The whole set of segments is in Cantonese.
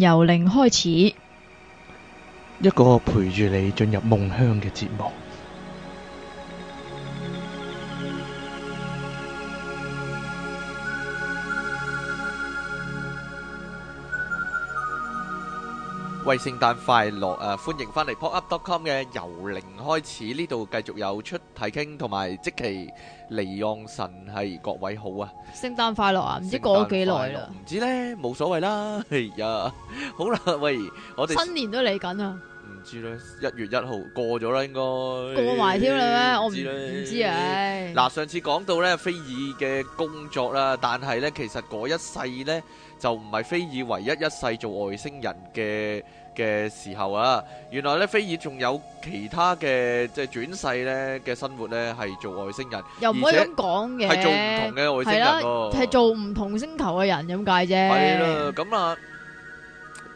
由零開始，一個陪住你進入夢鄉嘅節目。喂，聖誕快樂，誒，歡迎翻嚟 PopUp.com 嘅由零開始，呢度繼續有出題傾同埋即期利用神係各位好啊！聖誕快樂啊，唔知過咗幾耐啦，唔知咧，冇所謂啦，哎呀，好啦，喂，我哋新年都嚟緊啊。唔知咧，一月一號過咗啦，應該過埋添啦咩？我唔知唔知啊。嗱，上次講到咧，菲爾嘅工作啦，但係咧，其實嗰一世咧就唔係菲爾唯一一世做外星人嘅嘅時候啊。原來咧，菲爾仲有其他嘅即係轉世咧嘅生活咧，係做外星人，又唔可以咁講嘅，係做唔同嘅外星人，係啦，係做唔同星球嘅人咁解啫。係啦，咁啊。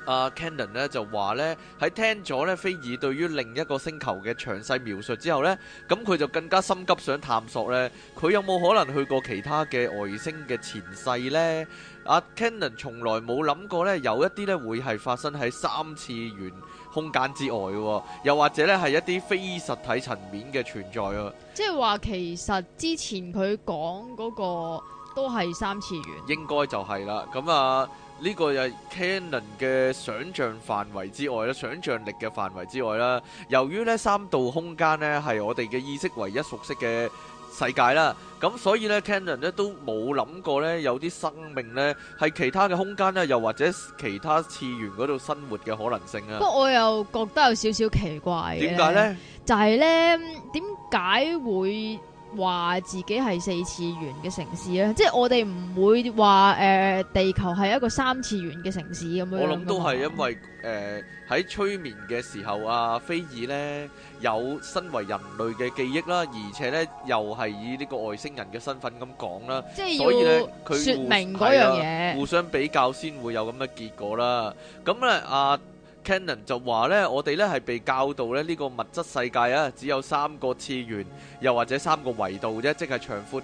阿、uh, Cannon 咧就話咧，喺聽咗咧菲爾對於另一個星球嘅詳細描述之後咧，咁佢就更加心急想探索咧。佢有冇可能去過其他嘅外星嘅前世咧？阿、uh, Cannon 從來冇諗過咧，有一啲咧會係發生喺三次元空間之外嘅，又或者咧係一啲非實體層面嘅存在啊。即係話其實之前佢講嗰個都係三次元，應該就係啦。咁啊～呢個又係 Canon 嘅想像範圍之外啦，想像力嘅範圍之外啦。由於呢三度空間呢係我哋嘅意識唯一熟悉嘅世界啦，咁所以呢 Canon 呢都冇諗過呢有啲生命呢係其他嘅空間呢，又或者其他次元嗰度生活嘅可能性啊。不過我又覺得有少少奇怪。點解呢？就係呢，點解會？話自己係四次元嘅城市咧，即係我哋唔會話誒、呃、地球係一個三次元嘅城市咁樣。我諗都係因為誒喺、呃、催眠嘅時候，啊菲爾呢有身為人類嘅記憶啦，而且呢又係以呢個外星人嘅身份咁講啦，即係所以佢說明嗰互樣嘢，啊，互相比較先會有咁嘅結果啦。咁咧阿。啊 Canon 就話咧，我哋咧係被教導咧，呢個物質世界啊，只有三個次元，又或者三個維度啫，即係長、闊、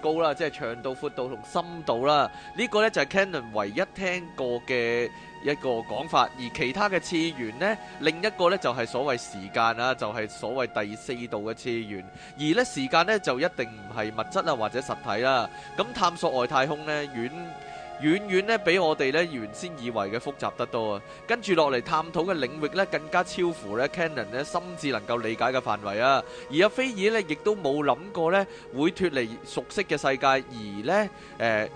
高啦，即係長度、闊度同深度啦。呢、這個咧就係 Canon 唯一聽過嘅一個講法，而其他嘅次元呢，另一個咧就係所謂時間啦就係、是、所謂第四度嘅次元。而呢時間呢，就一定唔係物質啊，或者實體啦。咁探索外太空呢，遠。遠遠咧，比我哋咧原先以為嘅複雜得多啊！跟住落嚟探討嘅領域咧，更加超乎咧 Canon 咧心智能夠理解嘅範圍啊！而阿菲爾呢，亦都冇諗過咧會脱離熟悉嘅世界，而呢、呃、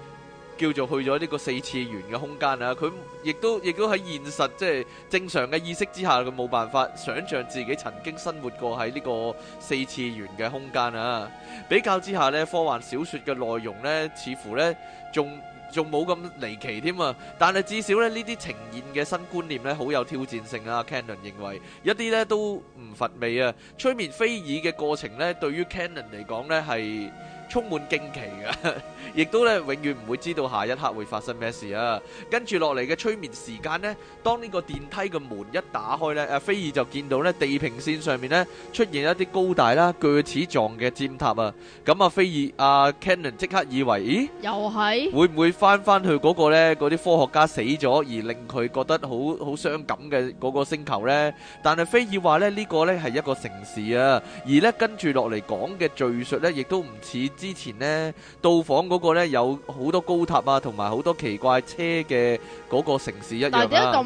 叫做去咗呢個四次元嘅空間啊！佢亦都亦都喺現實即係、就是、正常嘅意識之下，佢冇辦法想像自己曾經生活過喺呢個四次元嘅空間啊！比較之下呢，科幻小説嘅內容呢，似乎呢仲～仲冇咁離奇添啊！但係至少咧，呢啲呈現嘅新觀念咧，好有挑戰性啊。Canon 認為一啲咧都唔乏味啊。催眠菲爾嘅過程咧，對於 Canon 嚟講咧係，充滿驚奇嘅，亦都咧永遠唔會知道下一刻會發生咩事啊！跟住落嚟嘅催眠時間咧，當呢個電梯嘅門一打開咧，阿菲爾就見到咧地平線上面咧出現一啲高大啦、鋸齒狀嘅尖塔啊！咁啊，菲爾阿 Cannon 即刻以為咦，又係會唔會翻翻去嗰個咧？嗰啲科學家死咗而令佢覺得好好傷感嘅嗰個星球咧？但係菲爾話咧呢個咧係一個城市啊！而咧跟住落嚟講嘅敘述咧，亦都唔似。之前咧到訪嗰個咧有好多高塔啊，同埋好多奇怪車嘅嗰個城市一樣啦。但係點解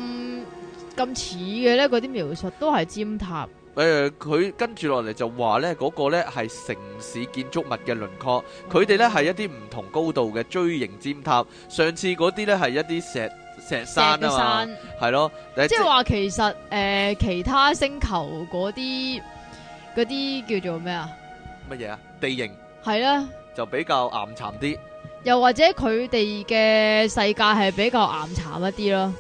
咁咁似嘅咧？嗰啲描述都係尖塔。誒，佢跟住落嚟就話咧嗰個咧係城市建築物嘅輪廓，佢哋咧係一啲唔同高度嘅錐形尖塔。上次嗰啲咧係一啲石石山啊嘛，係咯。即係話其實誒其他星球嗰啲嗰啲叫做咩啊？乜嘢啊？地形。係啦，是就比較巖巉啲，又或者佢哋嘅世界係比較巖巉一啲咯。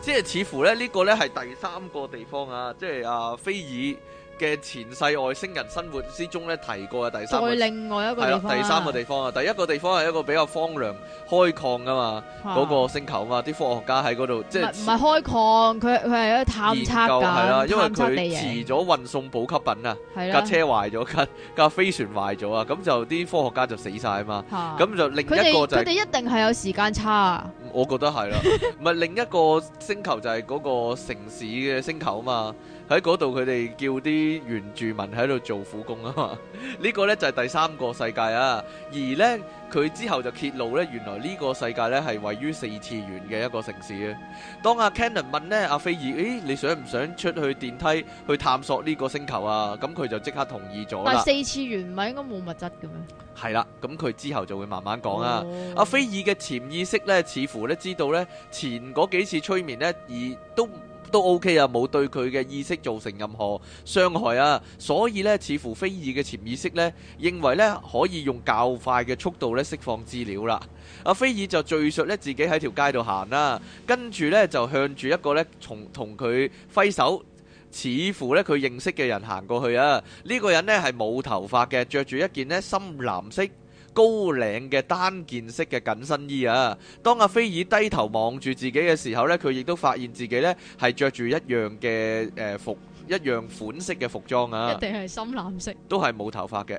即係似乎咧，呢個咧係第三個地方啊，即係阿菲爾。嘅前世外星人生活之中咧提過嘅第三，另外一個地方啦、啊。第三個地方啊，第一個地方係一個比較荒涼開礦噶嘛，嗰、啊、個星球嘛，啲科學家喺嗰度即係唔係開礦，佢佢係一個探測架，研究係啦，啊、因為佢遲咗運送補給品啊，架車壞咗，架架飛船壞咗啊，咁就啲科學家就死晒啊嘛，咁、啊、就另一個就係佢哋一定係有時間差啊，我覺得係咯，唔係 另一個星球就係嗰個城市嘅星球啊嘛。喺嗰度佢哋叫啲原住民喺度做苦工啊嘛，呢個呢，就係第三個世界啊。而呢，佢之後就揭露呢，原來呢個世界呢，係位於四次元嘅一個城市啊。當阿 Canon 問呢，阿菲爾，誒，你想唔想出去電梯去探索呢個星球啊？咁佢就即刻同意咗啦。但四次元唔係應該冇物質嘅咩？係啦，咁佢之後就會慢慢講啦。哦。阿菲爾嘅潛意識呢，似乎呢，知道呢，前嗰幾次催眠呢，而都。都 OK 啊，冇對佢嘅意識造成任何傷害啊，所以咧，似乎菲爾嘅潛意識咧，認為咧可以用較快嘅速度咧釋放資料啦。阿菲爾就敘述咧自己喺條街度行啦，跟住咧就向住一個咧從同佢揮手，似乎咧佢認識嘅人行過去啊。呢個人咧係冇頭髮嘅，着住一件咧深藍色高領嘅單件式嘅緊身衣啊！當阿菲爾低頭望住自己嘅時候呢，佢亦都發現自己呢係着住一樣嘅誒、呃、服，一樣款式嘅服裝啊！一定係深藍色，都係冇頭髮嘅。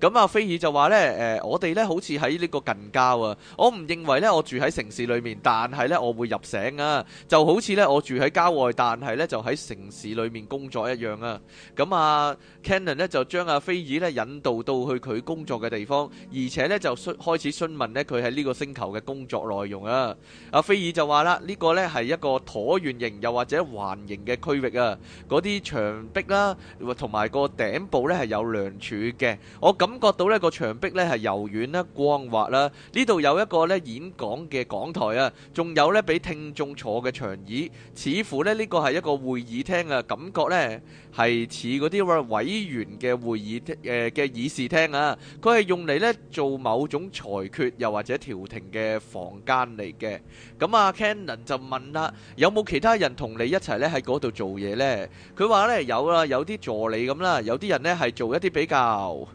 咁啊，阿菲爾就話呢，誒、呃，我哋呢好似喺呢個近郊啊，我唔認為呢，我住喺城市裏面，但係呢，我會入城啊，就好似呢，我住喺郊外，但係呢，就喺城市裏面工作一樣啊。咁啊，Cannon 呢，就將阿菲爾呢引導到去佢工作嘅地方，而且呢，就開始詢問呢，佢喺呢個星球嘅工作內容啊。阿菲爾就話啦，呢個呢係一個橢圓形又或者環形嘅區域啊，嗰啲牆壁啦，同埋個頂部呢係有梁柱嘅。我感覺到呢個牆壁呢係柔軟啦、光滑啦，呢度有一個呢演講嘅講台啊，仲有呢俾聽眾坐嘅長椅，似乎呢呢個係一個會議廳啊，感覺呢係似嗰啲委員嘅會議誒嘅、呃、議事廳啊，佢係用嚟呢做某種裁決又或者調停嘅房間嚟嘅。咁啊，Cannon 就問啦：「有冇其他人同你一齊呢喺嗰度做嘢呢？」佢話呢有啦，有啲助理咁啦，有啲人呢係做一啲比較。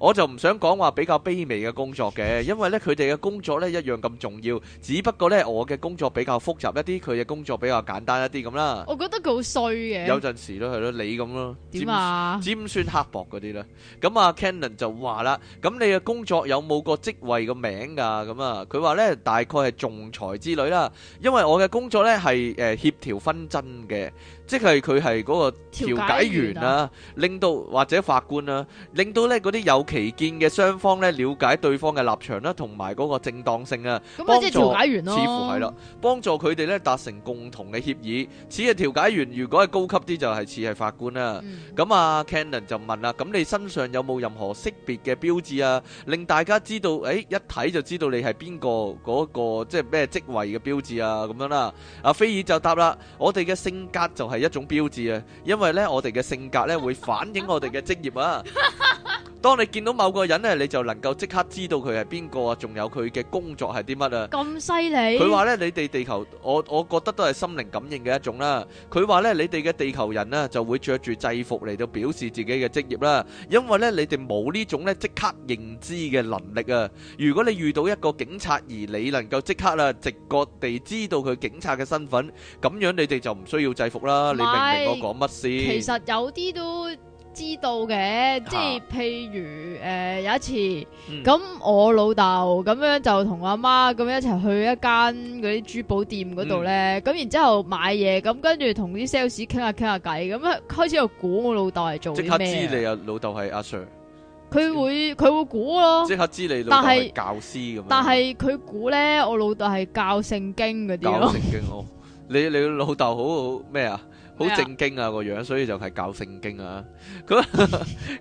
我就唔想講話比較卑微嘅工作嘅，因為咧佢哋嘅工作咧一樣咁重要，只不過咧我嘅工作比較複雜一啲，佢嘅工作比較簡單一啲咁啦。我覺得佢好衰嘅。有陣時都係咯，你咁咯，尖、啊、尖酸刻薄嗰啲啦。咁啊，Cannon 就話啦，咁、嗯、你嘅工作有冇個職位個名㗎？咁、嗯、啊，佢話咧大概係仲裁之類啦，因為我嘅工作咧係誒協調紛爭嘅。即係佢係嗰個調解員啊，令到或者法官啊，令到咧嗰啲有歧見嘅雙方咧了解對方嘅立場啦，同埋嗰個正當性啊，幫助。似乎係啦，幫助佢哋咧達成共同嘅協議。似係調解員，如果係高級啲就係似係法官啦。咁啊，Cannon 就問啦：咁你身上有冇任何識別嘅標誌啊？令大家知道，誒一睇就知道你係邊個嗰個即係咩職位嘅標誌啊？咁樣啦。阿菲爾就答啦：我哋嘅性格就係。一種標誌啊，因為咧，我哋嘅性格咧會反映我哋嘅職業啊。當你見到某個人咧，你就能夠即刻知道佢係邊個啊，仲有佢嘅工作係啲乜啊？咁犀利？佢話咧你哋地球，我我覺得都係心靈感應嘅一種啦。佢話咧，你哋嘅地球人咧就會着住制服嚟到表示自己嘅職業啦，因為咧，你哋冇呢種咧即刻認知嘅能力啊。如果你遇到一個警察，而你能夠即刻啦直覺地知道佢警察嘅身份，咁樣你哋就唔需要制服啦。你講乜先？其實有啲都知道嘅，啊、即係譬如誒、呃，有一次咁，我老豆咁樣就同阿媽咁樣一齊去一間嗰啲珠寶店嗰度咧，咁然之後買嘢，咁跟住同啲 sales 傾下傾下偈，咁開開始又估我老豆係做咩？即刻知你老豆係阿 Sir，佢會佢會估咯。即刻知你老豆係教師咁。但係佢估咧，我老豆係教聖經嗰啲咯。教聖經 你你老豆好咩啊？好正經啊個樣，所以就係教聖經啊。咁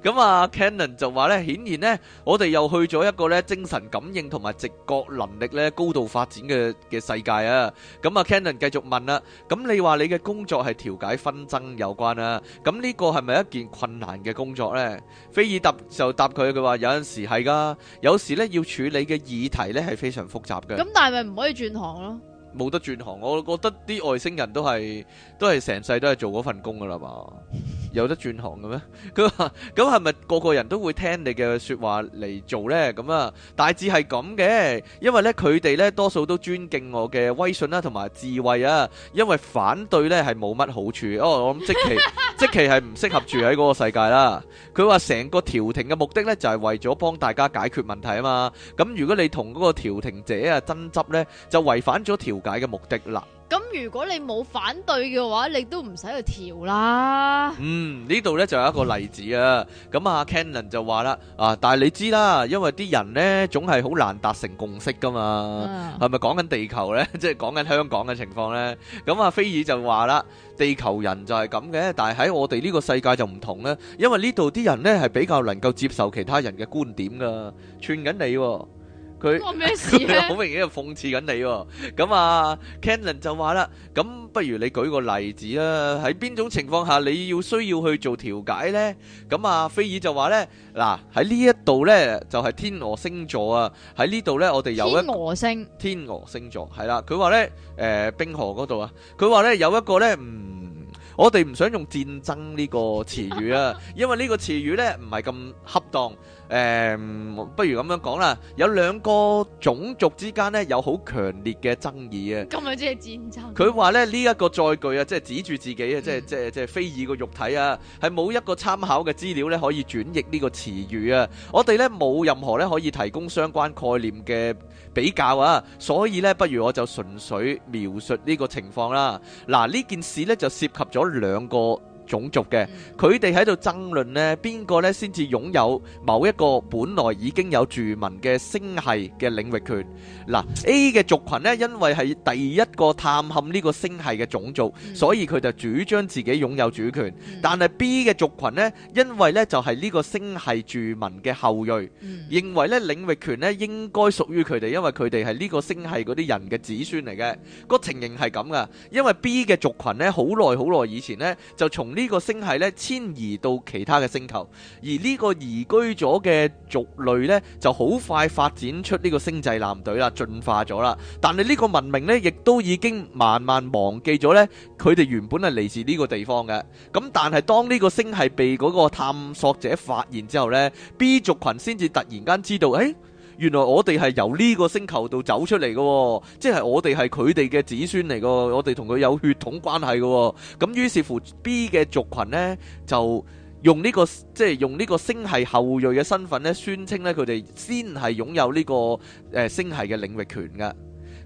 咁啊，Cannon 就話咧，顯然咧，我哋又去咗一個咧精神感應同埋直覺能力咧高度發展嘅嘅世界啊。咁啊，Cannon 繼續問啦，咁你話你嘅工作係調解紛爭有關啊？咁呢個係咪一件困難嘅工作咧？菲爾答就答佢，佢話有陣時係㗎，有時咧要處理嘅議題咧係非常複雜嘅。咁但係咪唔可以轉行咯？冇得轉行，我覺得啲外星人都係都係成世都係做嗰份工噶啦嘛。有得轉行嘅咩？佢話：咁係咪個個人都會聽你嘅說話嚟做呢？咁啊，大致係咁嘅，因為呢，佢哋呢，多數都尊敬我嘅威信啦，同埋智慧啊。因為反對呢係冇乜好處。哦，我諗 即其即其係唔適合住喺嗰個世界啦。佢話成個調停嘅目的呢，就係為咗幫大家解決問題啊嘛。咁如果你同嗰個調停者啊爭執呢，就違反咗調解嘅目的啦。咁如果你冇反對嘅話，你都唔使去調啦。嗯，呢度咧就有一個例子啊。咁啊，Cannon 就話啦，啊，但係你知啦，因為啲人咧總係好難達成共識噶嘛。係咪講緊地球咧？即係講緊香港嘅情況咧？咁啊，菲爾就話啦，地球人就係咁嘅，但係喺我哋呢個世界就唔同咧，因為呢度啲人咧係比較能夠接受其他人嘅觀點噶。串緊你喎。佢咩事咧？佢好明顯係諷刺緊你喎，咁啊，Cannon 就話啦，咁不如你舉個例子啊，喺邊種情況下你要需要去做調解咧？咁啊，菲爾就話咧，嗱喺呢一度咧就係天鵝星座啊，喺呢度咧我哋有一個天鵝星座，係啦，佢話咧誒，冰河嗰度啊，佢話咧有一個咧，嗯，我哋唔想用戰爭呢個詞語啊，因為呢個詞語咧唔係咁恰當。誒、嗯，不如咁樣講啦，有兩個種族之間呢有好強烈嘅爭議啊，咁樣即係戰爭。佢話咧呢一個載具啊，即係指住自己啊，即係即係即係非議個肉體啊，係冇一個參考嘅資料咧可以轉譯呢個詞語啊。我哋咧冇任何咧可以提供相關概念嘅比較啊，所以咧不如我就純粹描述呢個情況啦。嗱，呢件事咧就涉及咗兩個。種族嘅，佢哋喺度爭論咧，邊個咧先至擁有某一個本來已經有住民嘅星系嘅領域權？嗱，A 嘅族群咧，因為係第一個探險呢個星系嘅種族，所以佢就主張自己擁有主權。但係 B 嘅族群咧，因為咧就係呢個星系住民嘅後裔，認為咧領域權咧應該屬於佢哋，因為佢哋係呢個星系嗰啲人嘅子孫嚟嘅。個情形係咁噶，因為 B 嘅族群咧好耐好耐以前咧就從。呢個星系咧遷移到其他嘅星球，而呢個移居咗嘅族類呢就好快發展出呢個星際艦隊啦，進化咗啦。但係呢個文明呢亦都已經慢慢忘記咗呢，佢哋原本係嚟自呢個地方嘅。咁但係當呢個星系被嗰個探索者發現之後呢，B 族群先至突然間知道，誒、哎。原來我哋係由呢個星球度走出嚟嘅、哦，即係我哋係佢哋嘅子孫嚟噶，我哋同佢有血統關係喎、哦。咁於是乎，B 嘅族群呢，就用呢、呢個即係用呢個星系後裔嘅身份咧，宣稱咧佢哋先係擁有呢、呢個誒、呃、星系嘅領域權㗎。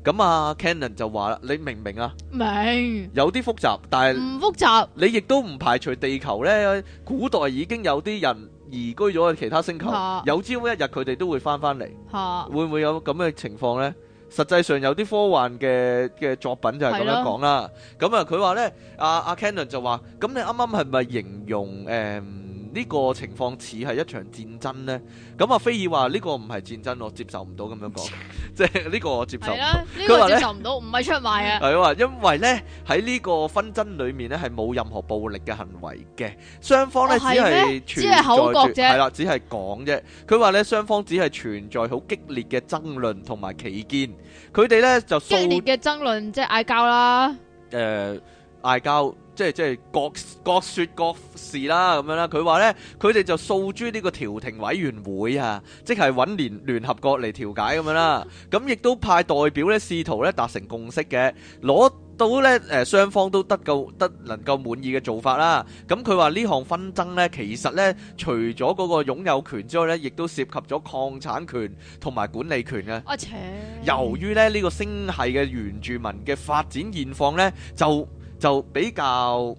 咁啊 Cannon 就話啦，你明唔明啊？明白有啲複雜，但係唔複雜。你亦都唔排除地球呢，古代已經有啲人。移居咗去其他星球。啊、有朝一日佢哋都會翻翻嚟，啊、會唔會有咁嘅情況咧？實際上有啲科幻嘅嘅作品就係咁樣講啦。咁的啊，佢話咧，阿阿 Cannon 就話，咁你啱啱係咪形容、嗯呢個情況似係一場戰爭呢。咁阿菲爾話呢個唔係戰爭，我接受唔到咁樣講，即係呢個我接受唔到。佢話呢唔係出賣啊，係啊，因為呢喺呢個紛爭裡面呢係冇任何暴力嘅行為嘅，雙方呢是的只係口角啫，係啦，只係講啫。佢話呢，雙方只係存在好激烈嘅爭論同埋歧見，佢哋呢就激烈嘅爭論即係嗌交啦，誒嗌交。即係即係各各説各事啦，咁樣啦。佢話呢，佢哋就訴諸呢個調停委員會啊，即係揾聯聯合國嚟調解咁樣啦。咁亦都派代表呢，試圖呢，達成共識嘅，攞到呢，誒雙方都得夠得能夠滿意嘅做法啦。咁佢話呢項紛爭呢，其實呢，除咗嗰個擁有權之外呢，亦都涉及咗礦產權同埋管理權嘅。哦，由於呢個星系嘅原住民嘅發展現況呢，就就比較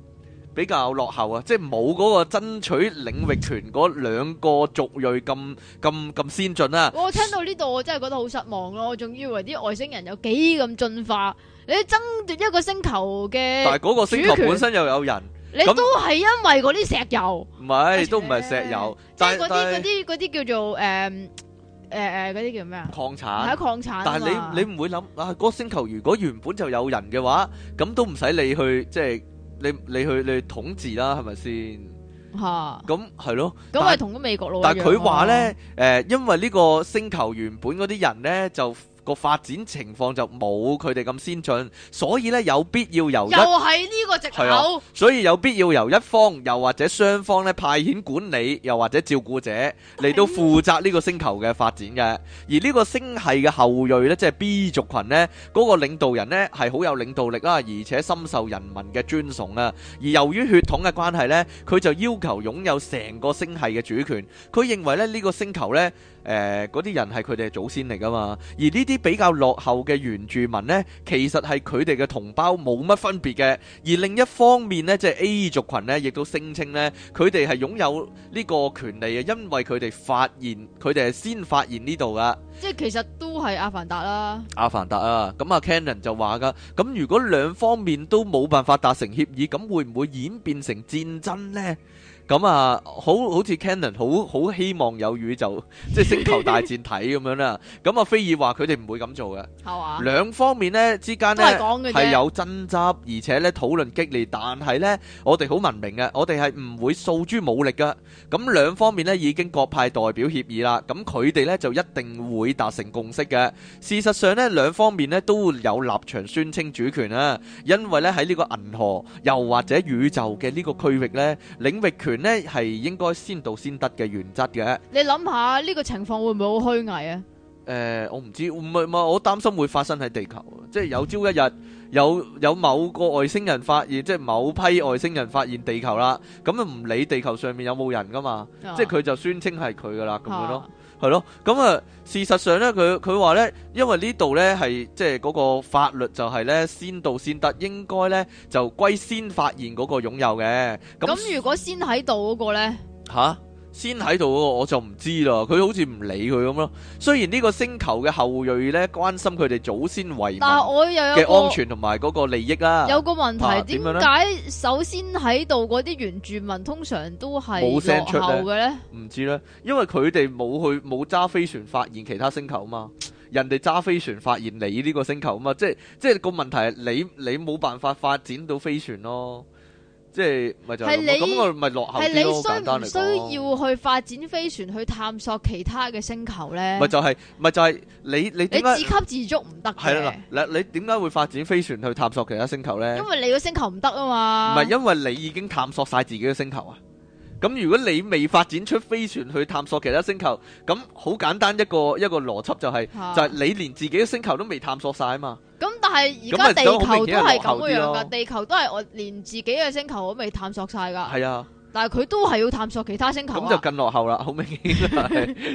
比較落後啊，即係冇嗰個爭取領域權嗰兩個族裔咁咁咁先進啦。我聽到呢度我真係覺得好失望咯，我仲以為啲外星人有幾咁進化，你爭奪一個星球嘅，但係嗰個星球本身又有人，你都係因為嗰啲石油，唔係都唔係石油，即係嗰啲嗰啲嗰啲叫做誒。誒誒，嗰啲、呃呃、叫咩產、嗯、啊？礦產係啊，礦產。但係你你唔會諗啊，嗰個星球如果原本就有人嘅話，咁都唔使你去，即係你你去你去統治啦，係咪先？吓哈，咁係咯，咁同咗美國佬、啊、但係佢話咧，誒、呃，因為呢個星球原本嗰啲人咧就，個發展情況就冇佢哋咁先進，所以咧有必要由又係呢個借口，所以有必要由一方又或者雙方咧派遣管理又或者照顧者嚟到負責呢個星球嘅發展嘅。而呢個星系嘅後裔咧，即係 B 族群呢，嗰個領導人呢係好有領導力啦，而且深受人民嘅尊崇啊。而由於血統嘅關係呢，佢就要求擁有成個星系嘅主權。佢認為咧呢個星球呢。誒，嗰啲人係佢哋嘅祖先嚟噶嘛，而呢啲比較落後嘅原住民呢，其實係佢哋嘅同胞，冇乜分別嘅。而另一方面呢，即係 A 族群呢，亦都聲稱呢，佢哋係擁有呢個權利嘅，因為佢哋發現佢哋係先發現呢度噶。即係其實都係阿凡達啦，阿凡達啊。咁啊 Cannon 就話噶，咁如果兩方面都冇辦法達成協議，咁會唔會演變成戰爭呢？咁啊，好好似 Canon 好好希望有宇宙，即係星球大戰睇咁樣啦。咁 啊，菲爾話佢哋唔會咁做嘅。係啊，兩方面咧之間咧係有爭執，而且咧討論激烈。但係咧，我哋好文明嘅，我哋係唔會訴諸武力嘅。咁兩方面咧已經各派代表協議啦。咁佢哋咧就一定會達成共識嘅。事實上咧，兩方面咧都有立場宣稱主權啦，因為咧喺呢個銀河又或者宇宙嘅呢個區域咧，領域權。咧係應該先到先得嘅原則嘅。你諗下呢個情況會唔會好虛偽啊？誒、呃，我唔知，唔係唔係，我擔心會發生喺地球， 即係有朝一日有有某個外星人發現，即係某批外星人發現地球啦，咁就唔理地球上面有冇人噶嘛，啊、即係佢就宣稱係佢噶啦咁樣咯。係咯，咁、嗯、啊，事實上咧，佢佢話咧，因為呢度咧係即係嗰個法律就係咧先到先得應該呢，應該咧就歸先發現嗰個擁有嘅。咁如果先喺度嗰個咧嚇？啊先喺度嗰個我就唔知啦，佢好似唔理佢咁咯。雖然呢個星球嘅後裔呢，關心佢哋祖先遺民嘅安全同埋嗰個利益啊。有個，有個問題，點解首先喺度嗰啲原住民通常都係落後嘅咧？唔知呢，因為佢哋冇去冇揸飛船發現其他星球啊嘛，人哋揸飛船發現你呢個星球啊嘛，即係即係個問題係你你冇辦法發展到飛船咯。即係咪就係咁？咁你我咪落後幾係你需唔需要去發展飛船去探索其他嘅星球咧？咪就係、是、咪就係、是、你你？你你自給自足唔得嘅。係啦，嗱你點解會發展飛船去探索其他星球咧？因為你個星球唔得啊嘛。唔係因為你已經探索晒自己嘅星球啊？咁如果你未發展出飛船去探索其他星球，咁好簡單一個一個邏輯就係、是啊、就係你連自己嘅星球都未探索晒啊嘛。係而家地球都係咁嘅樣噶，地球都係我連自己嘅星球都未探索晒噶。係啊，但係佢都係要探索其他星球，啊。咁就更落後啦，好明顯啦，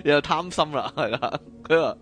又貪心啦，係啦，佢話。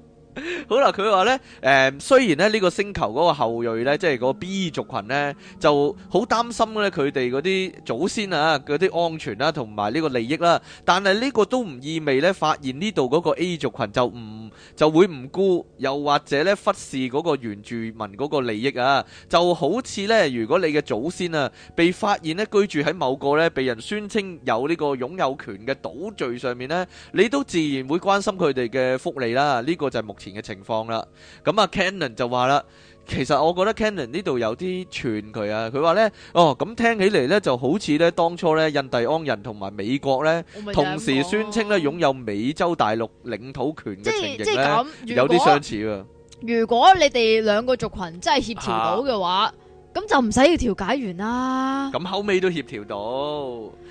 好啦，佢話咧，誒、嗯，雖然咧呢個星球嗰個後裔咧，即係嗰個 B 族群咧，就好擔心咧佢哋嗰啲祖先啊，嗰啲安全啦，同埋呢個利益啦。但係呢個都唔意味咧發現呢度嗰個 A 族群就唔就會唔顧，又或者咧忽視嗰個原住民嗰個利益啊？就好似咧，如果你嘅祖先啊被發現咧居住喺某個咧被人宣稱有呢個擁有權嘅島嶼上面咧，你都自然會關心佢哋嘅福利啦。呢、這個就係目前嘅情況啦，咁啊 Cannon 就話啦，其實我覺得 Cannon 呢度有啲串佢啊，佢話呢，哦，咁、嗯、聽起嚟呢，就好似呢，當初呢，印第安人同埋美國呢，同時宣稱呢，擁有美洲大陸領土權嘅情形有啲相似啊。如果，如果你哋兩個族群真係協調到嘅話，啊咁就唔使要調解員啦。咁後尾都協調到。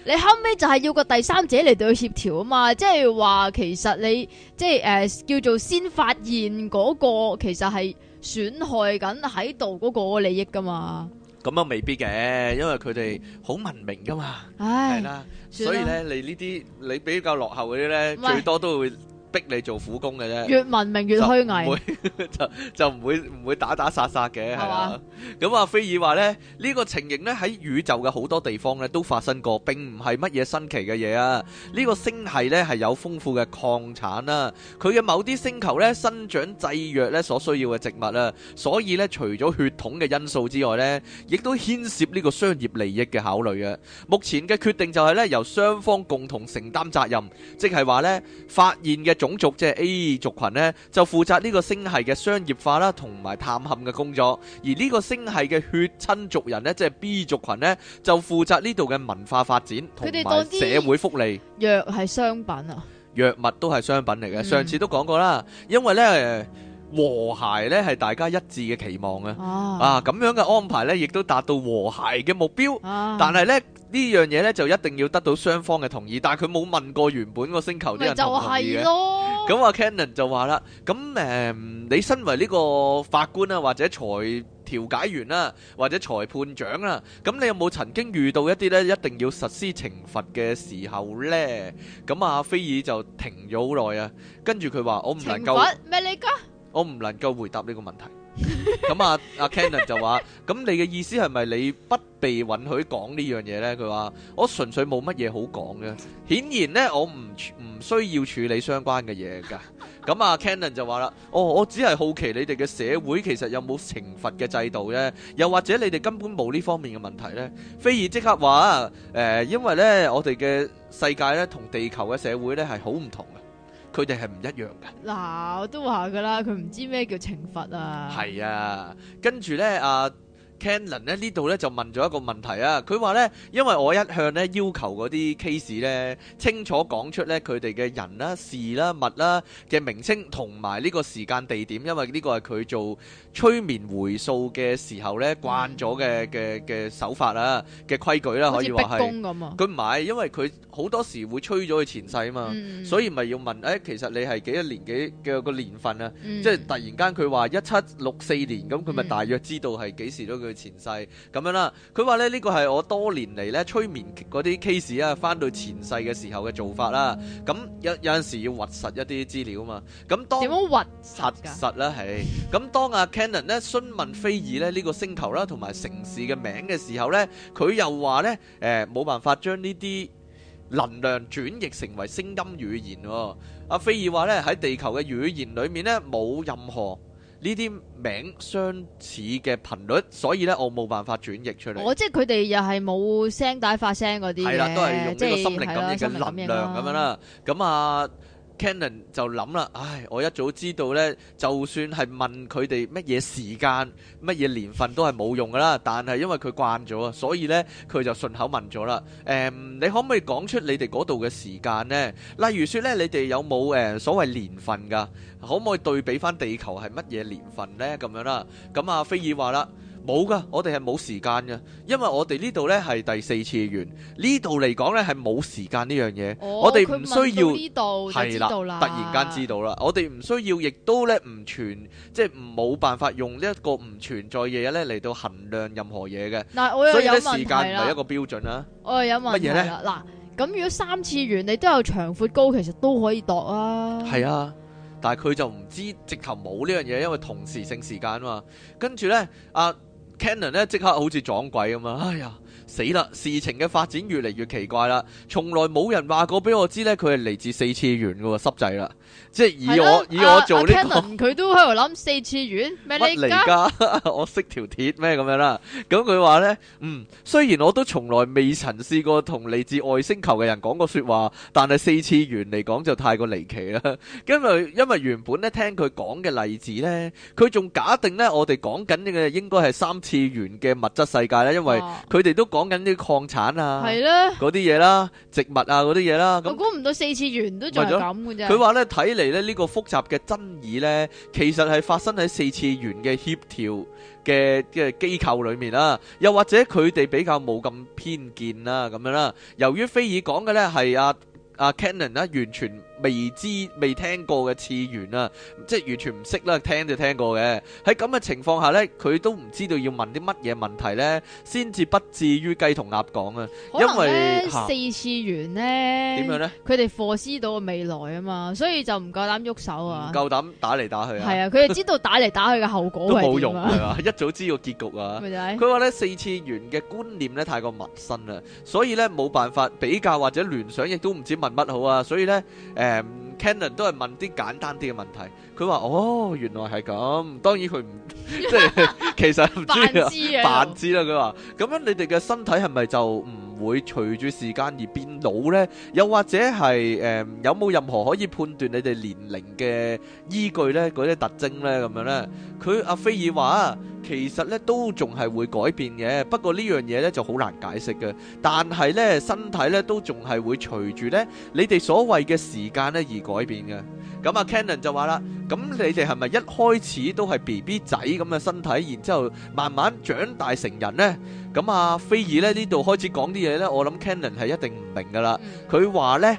你後尾就係要個第三者嚟到去協調啊嘛，即係話其實你即係誒叫做先發現嗰個其實係損害緊喺度嗰個利益噶嘛。咁啊未必嘅，因為佢哋好文明噶嘛，唉係啦。所以咧，你呢啲你比較落後嗰啲咧，最多都會。逼你做苦工嘅啫，越文明越虛偽 就唔會，就就唔會唔會打打殺殺嘅，係嘛、啊啊？咁啊，菲爾話咧，呢個情形咧喺宇宙嘅好多地方咧都發生過，並唔係乜嘢新奇嘅嘢啊。呢、這個星系咧係有豐富嘅礦產啦、啊，佢嘅某啲星球咧生長製藥咧所需要嘅植物啊，所以咧除咗血統嘅因素之外咧，亦都牽涉呢個商業利益嘅考慮嘅、啊。目前嘅決定就係咧由雙方共同承擔責任，即係話咧發現嘅種族即係、就是、A 族群呢，就負責呢個星系嘅商業化啦，同埋探勘嘅工作。而呢個星系嘅血親族人呢，即、就、係、是、B 族群呢，就負責呢度嘅文化發展同埋社會福利。藥係商品啊，藥物都係商品嚟嘅。上次都講過啦，因為呢。和諧咧係大家一致嘅期望的啊，啊！啊咁樣嘅安排咧，亦都達到和諧嘅目標。啊、但係咧呢樣嘢咧，就一定要得到雙方嘅同意。但係佢冇問過原本個星球啲人同意嘅。咪就係咯。咁啊 Cannon 就話啦：，咁誒、嗯，你身為呢個法官啊，或者裁調解員啦、啊，或者裁判長啦、啊，咁你有冇曾經遇到一啲咧一定要實施懲罰嘅時候咧？咁啊，菲爾就停咗好耐啊，跟住佢話：我唔能夠。我唔能夠回答呢個問題。咁啊， 阿 Cannon 就話：，咁你嘅意思係咪你不被允許講呢樣嘢呢？佢話：我純粹冇乜嘢好講嘅。顯然呢，我唔唔需要處理相關嘅嘢㗎。咁啊 ，Cannon 就話啦：，哦，我只係好奇你哋嘅社會其實有冇懲罰嘅制度呢？又或者你哋根本冇呢方面嘅問題呢？菲爾即刻話：，誒，因為呢，我哋嘅世界呢，同地球嘅社會呢，係好唔同嘅。佢哋係唔一樣嘅。嗱，我都話㗎啦，佢唔知咩叫懲罰啊。係啊，跟住咧，啊。Cannon 咧呢度咧就問咗一個問題啊！佢話咧，因為我一向咧要求嗰啲 case 咧清楚講出咧佢哋嘅人啦、事啦、物啦嘅名稱，同埋呢個時間地點，因為呢個係佢做催眠回溯嘅時候咧慣咗嘅嘅嘅手法啦嘅規矩啦，可以話係。佢唔係，因為佢好多時會催咗佢前世啊嘛，所以咪要問誒？其實你係幾多年幾嘅個年份啊？即係突然間佢話一七六四年，咁佢咪大約知道係幾時都。去前世咁樣啦，佢話咧呢個係我多年嚟咧催眠嗰啲 case 啊，翻到前世嘅時候嘅做法啦。咁有有陣時要核實一啲資料啊嘛。咁點樣核實㗎？實啦，係。咁當阿 Cannon 咧詢問菲爾咧呢個星球啦同埋城市嘅名嘅時候咧，佢又話咧誒冇辦法將呢啲能量轉譯成為聲音語言、哦。阿、啊、菲爾話咧喺地球嘅語言裡面咧冇任何呢啲名相似嘅頻率，所以咧我冇辦法轉譯出嚟。我、哦、即係佢哋又係冇聲帶發聲嗰啲係啦，都係用呢個心靈感應嘅能量咁樣啦。咁啊～Canon 就諗啦，唉，我一早知道呢，就算係問佢哋乜嘢時間、乜嘢年份都係冇用㗎啦。但係因為佢慣咗啊，所以呢，佢就順口問咗啦。誒、嗯，你可唔可以講出你哋嗰度嘅時間呢？例如說呢，你哋有冇誒、呃、所謂年份㗎？可唔可以對比翻地球係乜嘢年份呢？」咁樣啦。咁啊，菲爾話啦。冇噶，我哋係冇時間噶，因為我哋呢度咧係第四次元，呢度嚟講咧係冇時間呢樣嘢，哦、我哋唔需要係啦，突然間知道啦，我哋唔需要，亦都咧唔存，即係冇辦法用呢一個唔存在嘢咧嚟到衡量任何嘢嘅。嗱我，我又有問題啦。所以時間唔係一個標準啦、啊。我又有問題啦。嗱，咁如果三次元你都有長、闊、高，其實都可以度啊。係啊，但係佢就唔知直頭冇呢樣嘢，因為同時性時間啊嘛。跟住咧，阿、啊。Canon 咧即刻好似撞鬼咁啊！哎呀～死啦！事情嘅發展越嚟越奇怪啦，從來冇人話過俾我知呢，佢係嚟自四次元嘅喎，濕滯啦。即係以我的以我做呢、呢個，佢、啊啊、都喺度諗四次元咩嚟㗎？ 我識條鐵咩咁樣啦？咁佢話呢，嗯，雖然我都從來未曾試過同嚟自外星球嘅人講過說話，但係四次元嚟講就太過離奇啦。因 為因為原本呢，聽佢講嘅例子呢，佢仲假定呢，我哋講緊嘅應該係三次元嘅物質世界啦，因為佢哋都。講緊啲礦產啊，嗰啲嘢啦，植物啊嗰啲嘢啦，我估唔到四次元都仲係咁嘅啫。佢話咧睇嚟咧呢，呢、呢個複雜嘅爭議咧，其實係發生喺四次元嘅協調嘅嘅機構裏面啦。又或者佢哋比較冇咁偏見啊咁樣啦。由於菲爾講嘅咧係阿阿 Cannon 啦，完全。未知、未聽過嘅次元啊，即係完全唔識啦，聽就聽過嘅。喺咁嘅情況下呢，佢都唔知道要問啲乜嘢問題呢，先至不至於雞同鴨講啊。可能呢，因為呢四次元呢，點樣呢？佢哋駁師到嘅未來啊嘛，所以就唔夠膽喐手啊，唔夠膽打嚟打去啊。係啊，佢哋知道打嚟打去嘅後果 都冇用啊。 一早知道結局啊。佢話呢，呢，四次元嘅觀念呢，太過陌生啦，所以呢，冇辦法比較或者聯想，亦都唔知問乜好啊。所以呢。誒、欸。誒，um，Canon 都係問啲簡單啲嘅問題。佢話：哦，原來係咁。當然佢唔即係其實唔知啊，扮知啦。佢話：咁樣你哋嘅身體係咪就唔會隨住時間而變老咧？又或者係誒有冇任何可以判斷你哋年齡嘅依據咧？嗰啲特徵咧咁樣咧？佢阿菲爾話啊，其實咧都仲係會改變嘅。不過呢樣嘢咧就好難解釋嘅。但係咧身體咧都仲係會隨住咧你哋所謂嘅時間咧而改變嘅。咁阿 Cannon 就話啦。咁你哋係咪一開始都係 BB 仔咁嘅身體，然之後慢慢長大成人呢？咁啊，菲爾呢呢度開始講啲嘢呢，我諗 Cannon 係一定唔明噶啦。佢話呢，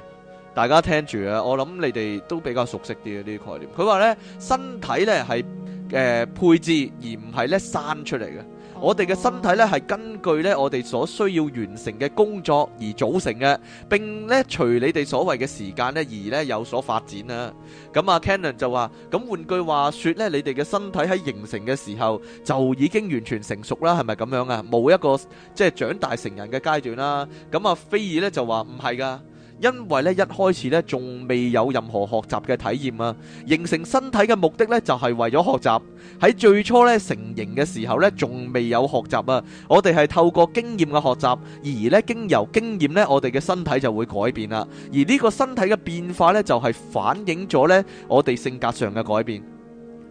大家聽住啊，我諗你哋都比較熟悉啲呢啲概念。佢話呢，身體呢係誒配置而唔係呢生出嚟嘅。我哋嘅身體咧係根據咧我哋所需要完成嘅工作而組成嘅，並咧隨你哋所謂嘅時間咧而咧有所發展啊。咁啊，Cannon 就話，咁換句話說咧，你哋嘅身體喺形成嘅時候就已經完全成熟啦，係咪咁樣啊？冇一個即係長大成人嘅階段啦。咁啊，菲爾咧就話唔係㗎。因為咧一開始咧仲未有任何學習嘅體驗啊，形成身體嘅目的咧就係為咗學習。喺最初咧成形嘅時候咧仲未有學習啊，我哋係透過經驗嘅學習，而咧經由經驗咧我哋嘅身體就會改變啦。而呢個身體嘅變化咧就係反映咗咧我哋性格上嘅改變。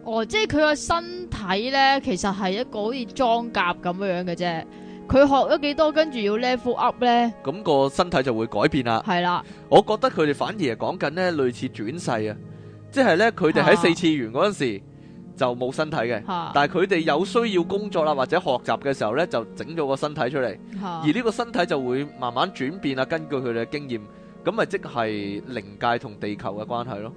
哦，即係佢個身體咧其實係一個好似裝甲咁樣嘅啫。佢學咗幾多，跟住要 level up 咧？咁個身體就會改變是啦。係啦，我覺得佢哋反而係講緊咧類似轉世啊，即係咧佢哋喺四次元嗰陣時就冇身體嘅，是啊、但係佢哋有需要工作啦或者學習嘅時候咧，就整咗個身體出嚟，是啊、而呢個身體就會慢慢轉變啦。根據佢哋嘅經驗，咁咪即係靈界同地球嘅關係咯，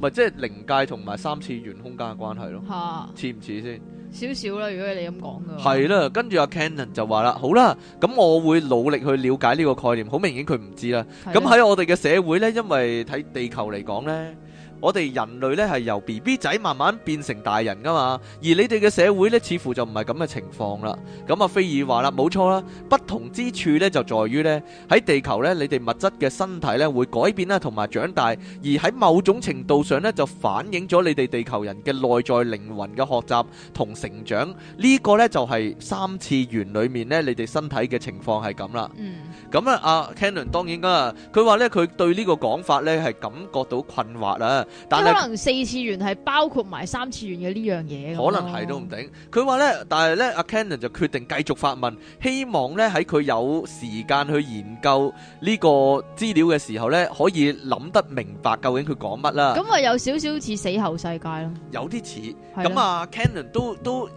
咪即係靈界同埋三次元空間嘅關係咯，是啊、似唔似先？少少啦，如果你你咁講嘅。係啦，跟住阿 Cannon 就話啦，好啦，咁我會努力去了解呢個概念。好明顯佢唔知啦。咁喺我哋嘅社會咧，因為睇地球嚟講咧。我哋人類呢係由 B B 仔慢慢變成大人噶嘛，而你哋嘅社會呢似乎就唔係咁嘅情況啦。咁啊，菲爾話啦，冇錯啦，不同之處呢，就在於呢：喺地球呢，你哋物質嘅身體呢會改變啦，同埋長大，而喺某種程度上呢，就反映咗你哋地球人嘅內在靈魂嘅學習同成長。呢個呢，就係三次元裏面呢，你哋身體嘅情況係咁啦。嗯咁啊，阿 Cannon 當然㗎。佢話咧，佢對呢個講法咧係感覺到困惑啦。但係可能四次元係包括埋三次元嘅呢樣嘢。可能係都唔定。佢話咧，但係咧，阿、啊、Cannon 就決定繼續發問，希望咧喺佢有時間去研究呢個資料嘅時候咧，可以諗得明白究竟佢講乜啦。咁啊，有少少似死後世界咯。有啲似。咁啊，Cannon 都都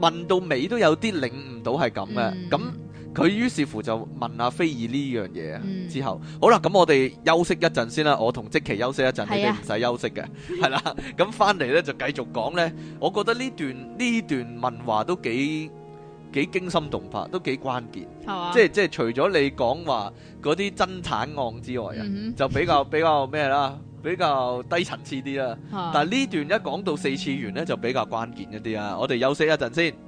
問到尾都有啲領悟到係咁嘅。咁、嗯。嗯佢於是乎就問阿菲爾呢樣嘢。之後好啦，咁我哋休息一陣先啦，我同積琪休息一陣，是啊、你哋唔使休息嘅，係啦，咁翻嚟呢就繼續講呢。我覺得呢段呢段問話都幾幾驚心動魄，都幾關鍵，好啊、即係除咗你講話嗰啲真產案之外啊，嗯、哼 就比較比較咩啦， 比較低層次啲啦。好啊、但係呢段一講到四次元呢，就比較關鍵一啲啊。我哋休息一陣先。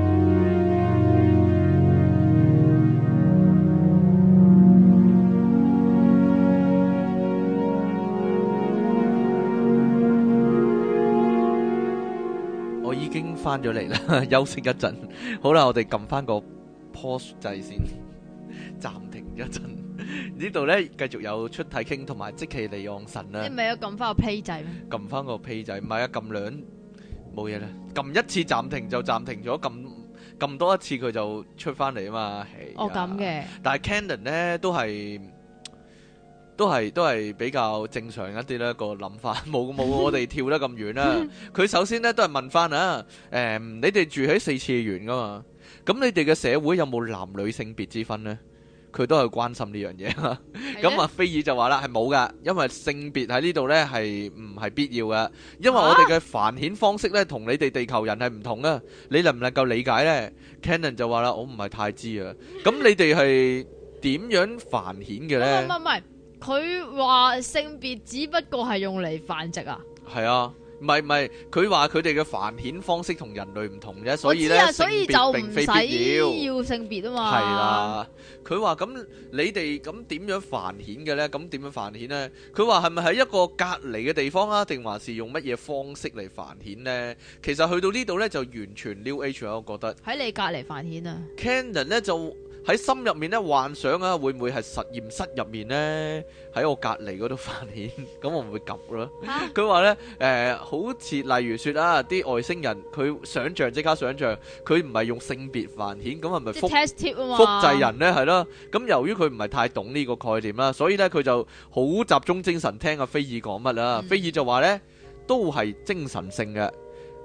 翻咗嚟啦，休息一陣。好啦，我哋撳翻個 pause 掣先，暫停一陣。呢度咧繼續有出體傾，同埋即其離岸神啊！你唔係要撳翻個 pause 掣咩？撳翻個 pause 掣，唔係啊！撳兩冇嘢啦。撳一次暫停就暫停咗，撳撳多一次佢就出翻嚟啊嘛。係，哦，咁嘅。但係 Cannon 咧都係。都係都係比較正常一啲咧，個諗法，冇冇我哋跳得咁遠啦。佢首先咧都係問返啊，誒，你哋住喺四次元噶嘛？咁你哋嘅社會有冇男女性別之分咧？佢都係關心呢樣嘢。咁啊，菲爾就話啦，係冇噶，因為性別喺呢度咧係唔係必要嘅，因為我哋嘅繁衍方式咧同你哋地球人係唔同啊。你能唔能夠理解咧？Cannon 就話啦，我唔係太知啊。咁你哋係點樣繁衍嘅咧？唔唔唔。佢話性別只不過係用嚟繁殖啊？係啊，唔係唔係，佢話佢哋嘅繁衍方式同人類唔同啫，我知啊，所以咧性別並非必要。所以就唔使要性別啊嘛。係啦，佢話咁你哋咁點樣繁衍嘅咧？咁點樣繁衍咧？佢話係咪喺一個隔離嘅地方啊？定還是用乜嘢方式嚟繁衍咧？其實去到呢度咧就完全 new age，我覺得喺你隔離繁衍啊。Cannon 咧就。喺心入面咧幻想啊，會唔會係實驗室入面呢，喺我隔籬嗰度繁衍？咁我唔會及咯。佢話呢，誒，好似例如說啊，啲外星人佢想象即刻想象佢唔係用性別繁衍，咁係咪複製人呢？係咯。咁由於佢唔係太懂呢個概念啦，所以呢佢就好集中精神聽阿菲爾講乜啦。菲爾就話呢，都係精神性嘅。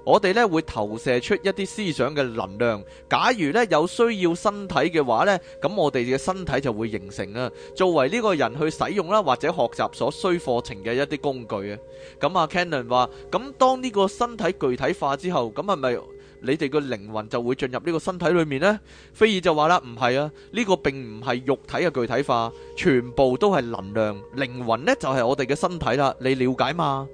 我哋咧會投射出一啲思想嘅能量。假如咧有需要身體嘅話呢，咁我哋嘅身體就會形成啊，作為呢個人去使用啦，或者學習所需課程嘅一啲工具啊。咁啊 Cannon 話：咁當呢個身體具體化之後，咁係咪你哋個靈魂就會進入呢個身體裏面呢？菲爾就話啦：唔係啊，呢個並唔係肉體嘅具體化，全部都係能量。靈魂呢，就係我哋嘅身體啦，你了解嘛？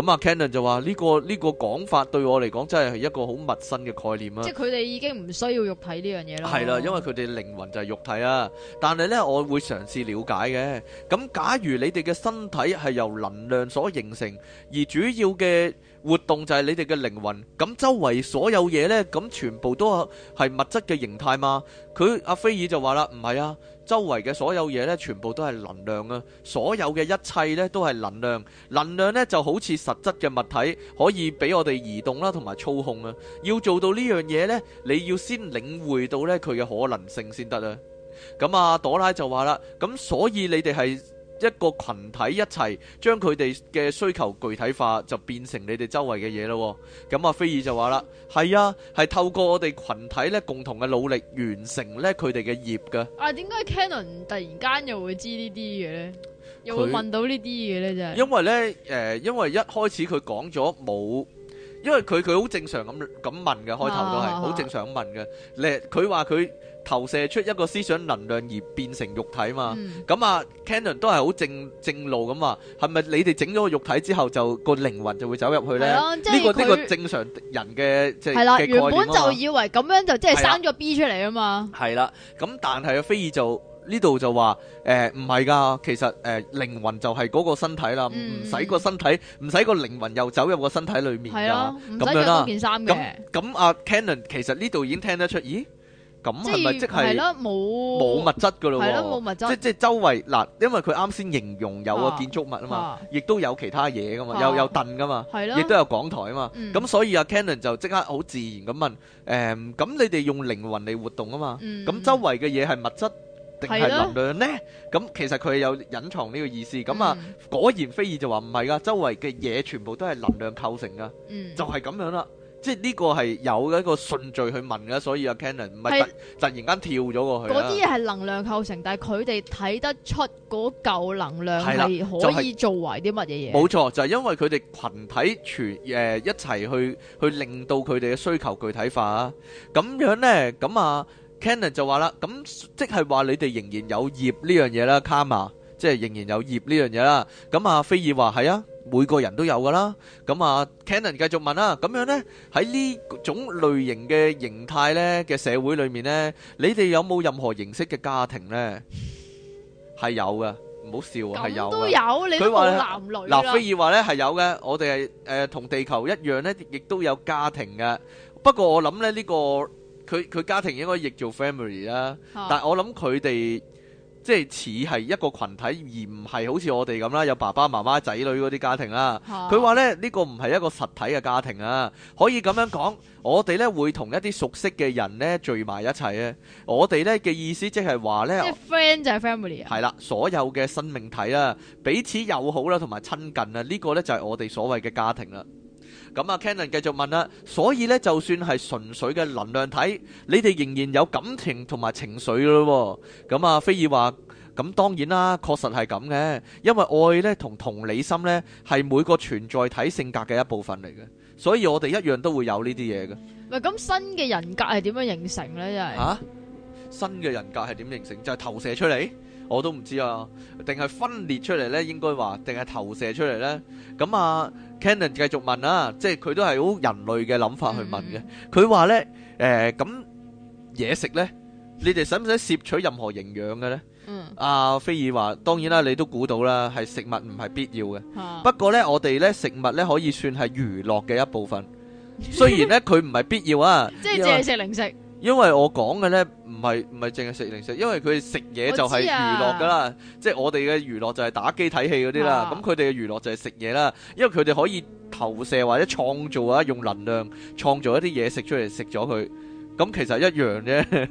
咁啊，Cannon 就話，呢個呢個講法對我嚟講真係係一個好陌生嘅概念啊。即係佢哋已經唔需要肉體呢樣嘢啦。係啦，因為佢哋靈魂就係肉體啊。但係呢，我會嘗試了解嘅。咁假如你哋嘅身體係由能量所形成，而主要嘅。活動就係你哋嘅靈魂，咁周圍所有嘢呢，咁全部都係物質嘅形態嘛。佢阿菲爾就話啦，唔係啊，周圍嘅所有嘢呢，全部都係、啊、能量啊！所有嘅一切呢，都係能量，能量呢，就好似實質嘅物體，可以俾我哋移動啦，同埋操控啊！要做到呢樣嘢呢，你要先領會到呢佢嘅可能性先得啊！咁阿朵拉就話啦，咁所以你哋係。一個羣體一齊將佢哋嘅需求具體化，就變成你哋周圍嘅嘢咯。咁阿菲爾就話啦，係啊，係透過我哋羣體咧共同嘅努力完成咧佢哋嘅業㗎。啊，點解 Canon 突然間又會知呢啲嘢咧？又會問到呢啲嘢咧？就因為咧，誒，因為一開始佢講咗冇，因為佢佢好正常咁咁問嘅，開頭都係好正常咁問嘅。咧，佢話佢。投射出一個思想能量而變成肉體嘛？咁啊，Canon 都係好正正路咁啊。係咪你哋整咗個肉體之後就，就個靈魂就會走入去咧？呢呢個正常人嘅即係嘅概念咯。啦，啊、原本就以為咁樣就即係生咗 B, 是、啊、B 出嚟啊嘛。係啦，咁但係啊，菲爾、啊、就呢度就話唔係㗎，其實誒、呃、靈魂就係嗰個身體啦，唔使、嗯、個身體，唔使個靈魂又走入個身體裏面㗎，啊，唔使著件衫咁啊，Canon、啊、其實呢度已經聽得出，咦？咁係咪即係冇物質㗎咯？即即係周圍嗱，因為佢啱先形容有個建築物啊嘛，亦、啊啊、都有其他嘢㗎嘛，又、啊、有凳㗎嘛，亦的都有講台啊嘛。咁、嗯、所以阿 Cannon 就即刻好自然咁問：誒、嗯，咁你哋用靈魂嚟活動啊嘛？咁、嗯、周圍嘅嘢係物質定係能量呢？的」咁其實佢有隱藏呢個意思。咁啊、嗯，果然非爾就話唔係㗎，周圍嘅嘢全部都係能量構成㗎，嗯、就係咁樣啦。即係呢個係有一個順序去問嘅，所以阿 Cannon 唔係突然間跳咗過去。嗰啲嘢係能量構成，但係佢哋睇得出嗰嚿能量係可以做為啲乜嘢嘢。冇錯，就係因為佢哋羣體全誒一齊去去令到佢哋嘅需求具體化啊。咁樣咧，咁啊 Cannon 就話啦，咁即係話你哋仍然有業呢樣嘢啦，卡瑪，即係仍然有業呢樣嘢啦。咁啊，菲爾話係啊。每個人都有㗎啦，咁啊，Cannon 繼續問啦，咁樣呢，喺呢種類型嘅形態呢嘅社會裏面呢，你哋有冇任何形式嘅家庭呢？係有嘅，唔好笑啊，係有嘅。佢話男女。納非爾話呢係有嘅，我哋係誒同地球一樣呢，亦都有家庭嘅。不過我諗呢呢個佢佢家庭應該譯做 family 啦，但係我諗佢哋。即係似係一個群體，而唔係好似我哋咁啦，有爸爸媽媽仔女嗰啲家庭啦、啊。佢話咧，呢個唔係一個實體嘅家庭啊。可以咁樣講、 啊，我哋咧會同一啲熟悉嘅人咧聚埋一齊咧。我哋咧嘅意思即係話咧，即係 friend 就係 family 啊。係啦，所有嘅生命體啦、啊，彼此友好啦，同埋親近啊，呢個咧就係我哋所謂嘅家庭啦、啊。咁啊，Cannon 繼續問啦，所以呢，就算係純粹嘅能量體，你哋仍然有感情同埋情緒咯喎。咁啊，菲爾話：咁當然啦，確實係咁嘅，因為愛呢同同理心呢係每個存在體性格嘅一部分嚟嘅，所以我哋一樣都會有呢啲嘢嘅。唔係，咁新嘅人格係點樣形成呢？真係嚇，新嘅人格係點形成？就係投射出嚟。我都唔知啊，定係分裂出嚟呢？應該話，定係投射出嚟呢？咁啊，Cannon 繼續問啦，啊，即係佢都係好人類嘅諗法去問嘅。佢話，嗯、呢，誒咁嘢食呢？你哋使唔使攝取任何營養嘅呢？嗯、阿、啊、菲爾話：當然啦，你都估到啦，係食物唔係必要嘅。啊，不過呢，我哋呢食物呢可以算係娛樂嘅一部分，雖然呢，佢唔係必要啊，即係只係食零食。因為我講嘅呢，唔係唔係淨係食零食，因為佢食嘢就係娛樂噶啦，啊、即係我哋嘅娛樂就係打機睇戲嗰啲啦。咁佢哋嘅娛樂就係食嘢啦，因為佢哋可以投射或者創造啊，用能量創造一啲嘢食出嚟食咗佢。咁其實一樣啫。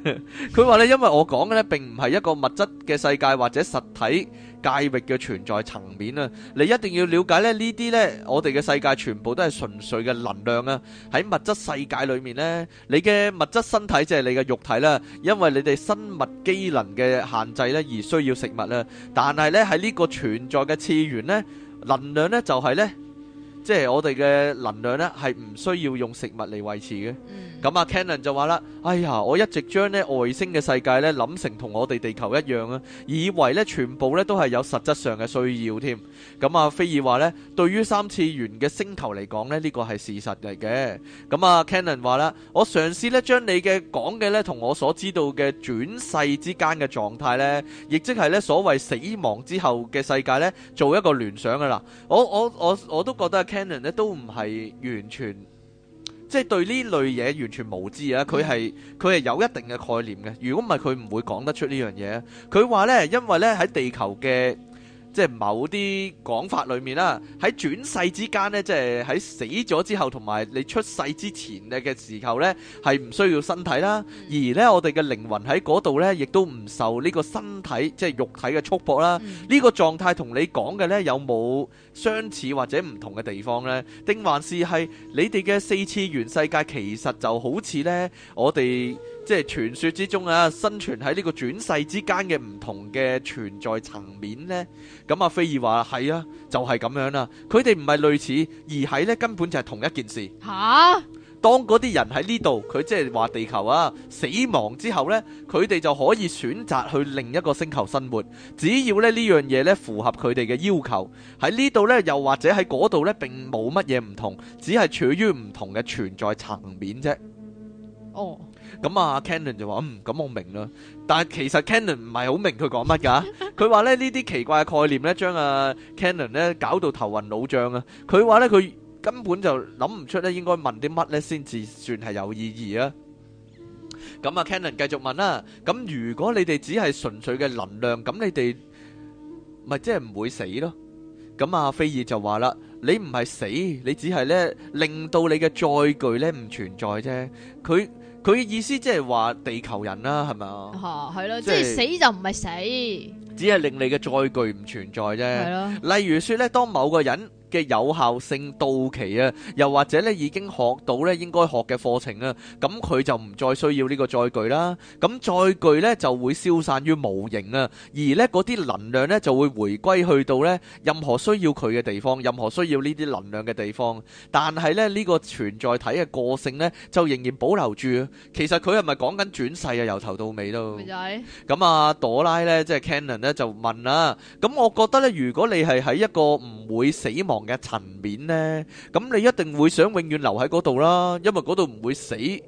佢話咧，因為我講嘅咧並唔係一個物質嘅世界或者實體界域嘅存在層面啊。你一定要了解咧，呢啲呢，我哋嘅世界全部都係純粹嘅能量啊。喺物質世界裏面呢，你嘅物質身體即係你嘅肉體啦，因為你哋生物機能嘅限制呢，而需要食物啦。但係呢，喺呢個存在嘅次元呢，能量呢，就係呢。即係我哋嘅能量咧，係唔需要用食物嚟維持嘅。咁啊、嗯、Cannon 就話啦：，哎呀，我一直將咧外星嘅世界咧諗成同我哋地球一樣啊，以為咧全部咧都係有實質上嘅需要添。咁啊，菲爾話咧，對於三次元嘅星球嚟講咧，呢、呢個係事實嚟嘅。咁啊 Cannon 話啦：，我嘗試咧將你嘅講嘅咧同我所知道嘅轉世之間嘅狀態咧，亦即係咧所謂死亡之後嘅世界咧，做一個聯想㗎啦。我我我我都覺得。都唔係完全，即係對呢類嘢完全無知啊！佢係佢係有一定嘅概念嘅。如果唔係，佢唔會講得出呢樣嘢。佢話呢，因為呢喺地球嘅。即係某啲講法裏面啦，喺轉世之間呢，即係喺死咗之後同埋你出世之前嘅嘅時候呢，係唔需要身體啦，而呢，我哋嘅靈魂喺嗰度呢，亦都唔受呢個身體即係肉體嘅束縛啦。呢、嗯、個狀態同你講嘅呢，有冇相似或者唔同嘅地方呢？定還是係你哋嘅四次元世界其實就好似呢，我哋？即係傳說之中啊，生存喺呢個轉世之間嘅唔同嘅存在層面呢。咁阿菲爾話係啊，就係咁樣啦。佢哋唔係類似，而係呢根本就係同一件事。吓哈，當嗰啲人喺呢度，佢即係話地球啊死亡之後呢，佢哋就可以選擇去另一個星球生活。只要呢呢樣嘢呢符合佢哋嘅要求，喺呢度呢，又或者喺嗰度呢，並冇乜嘢唔同，只係處於唔同嘅存在層面啫。哦。咁啊，Cannon 就話，嗯，咁我明咯。但係其實 Cannon 唔係好明佢講乜噶。佢話咧呢啲奇怪嘅概念咧，將阿 Cannon 咧搞到頭暈腦脹啊。佢話咧佢根本就諗唔出咧應該問啲乜咧先至算係有意義啊。咁啊，Cannon 繼續問啦。咁如果你哋只係純粹嘅能量，咁你哋咪即係唔會死咯。咁啊，菲爾就話啦，你唔係死，你只係咧令到你嘅載具咧唔存在啫。佢。佢嘅意思即係話地球人啦，係咪啊？吓，係咯，即係死就唔係死，只係令你嘅載具唔存在啫。係咯，例如說咧，當某個人。嘅有效性到期啊，又或者咧已經學到咧應該學嘅課程啊，咁佢就唔再需要呢個載具啦。咁載具咧就會消散於無形啊，而咧嗰啲能量咧就會回歸去到咧任何需要佢嘅地方，任何需要呢啲能量嘅地方。但係咧呢個存在體嘅個性咧就仍然保留住。其實佢係咪講緊轉世啊？由頭到尾都咁啊，朵拉咧即係 Canon 咧就問啦。咁我覺得咧，如果你係喺一個唔會死亡嘅層面咧，咁你一定會想永遠留喺嗰度啦，因為嗰度唔會死，咁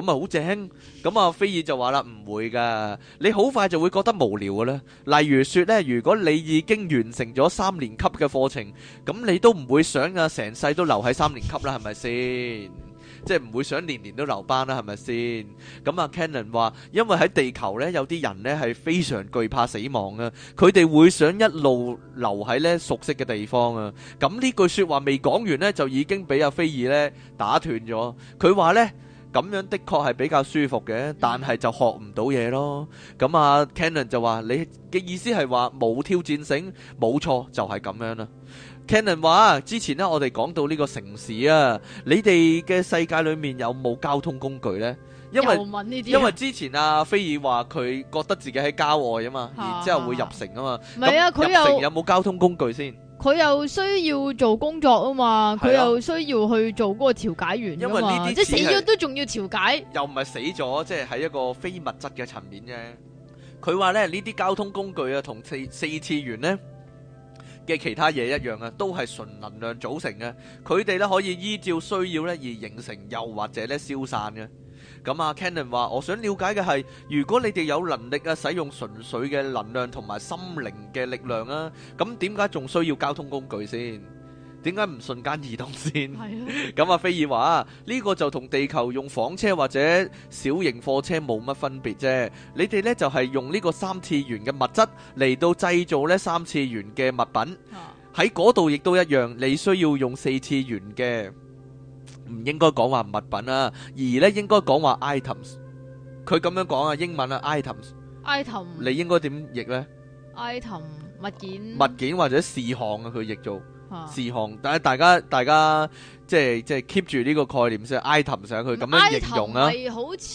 啊好正。咁啊菲爾就話啦，唔會噶，你好快就會覺得無聊噶啦。例如說咧，如果你已經完成咗三年級嘅課程，咁你都唔會想啊成世都留喺三年級啦，係咪先？即係唔會想年年都留班啦，係咪先？咁啊，Cannon 話，因為喺地球咧，有啲人咧係非常懼怕死亡啊，佢哋會想一路留喺咧熟悉嘅地方啊。咁呢句説話未講完咧，就已經俾阿菲爾咧打斷咗。佢話咧，咁樣的確係比較舒服嘅，但係就學唔到嘢咯。咁啊，Cannon 就話：你嘅意思係話冇挑戰性，冇錯，就係咁樣啦。Canon 話：之前咧，我哋講到呢個城市啊，你哋嘅世界裏面有冇交通工具咧？因為、啊、因為之前啊，菲爾話佢覺得自己喺郊外啊嘛，然、啊、之後會入城啊嘛。唔啊，佢又那、啊、入城有冇交通工具先？佢又需要做工作啊嘛，佢又需要去做嗰個調解員啊嘛，因為即係死咗都仲要調解。又唔係死咗，即係喺一個非物質嘅層面啫。佢話咧，呢啲交通工具啊，同四四次元咧，嘅其他嘢一樣啊，都係純能量組成嘅，佢哋咧可以依照需要咧而形成，又或者咧消散嘅。咁啊，Cannon 話：我想了解嘅係，如果你哋有能力啊使用純粹嘅能量同埋心靈嘅力量啊，咁點解仲需要交通工具先？點解唔瞬間移動先？係咯是的。 咁啊，菲兒話呢個就同地球用房車或者小型貨車冇乜分別啫。你哋呢就係、是、用呢個三次元嘅物質嚟到製造呢三次元嘅物品。喺嗰度亦都一樣，你需要用四次元嘅，唔應該講話物品啦，而呢應該講話 items。佢咁樣講啊，英文啊，items。items。你應該點譯咧？item 物件。物件或者事項啊，佢譯做。自行，但係大家，大家。即係即係 keep 住呢個概念，即係 item 上去咁樣形容啊。item 係好似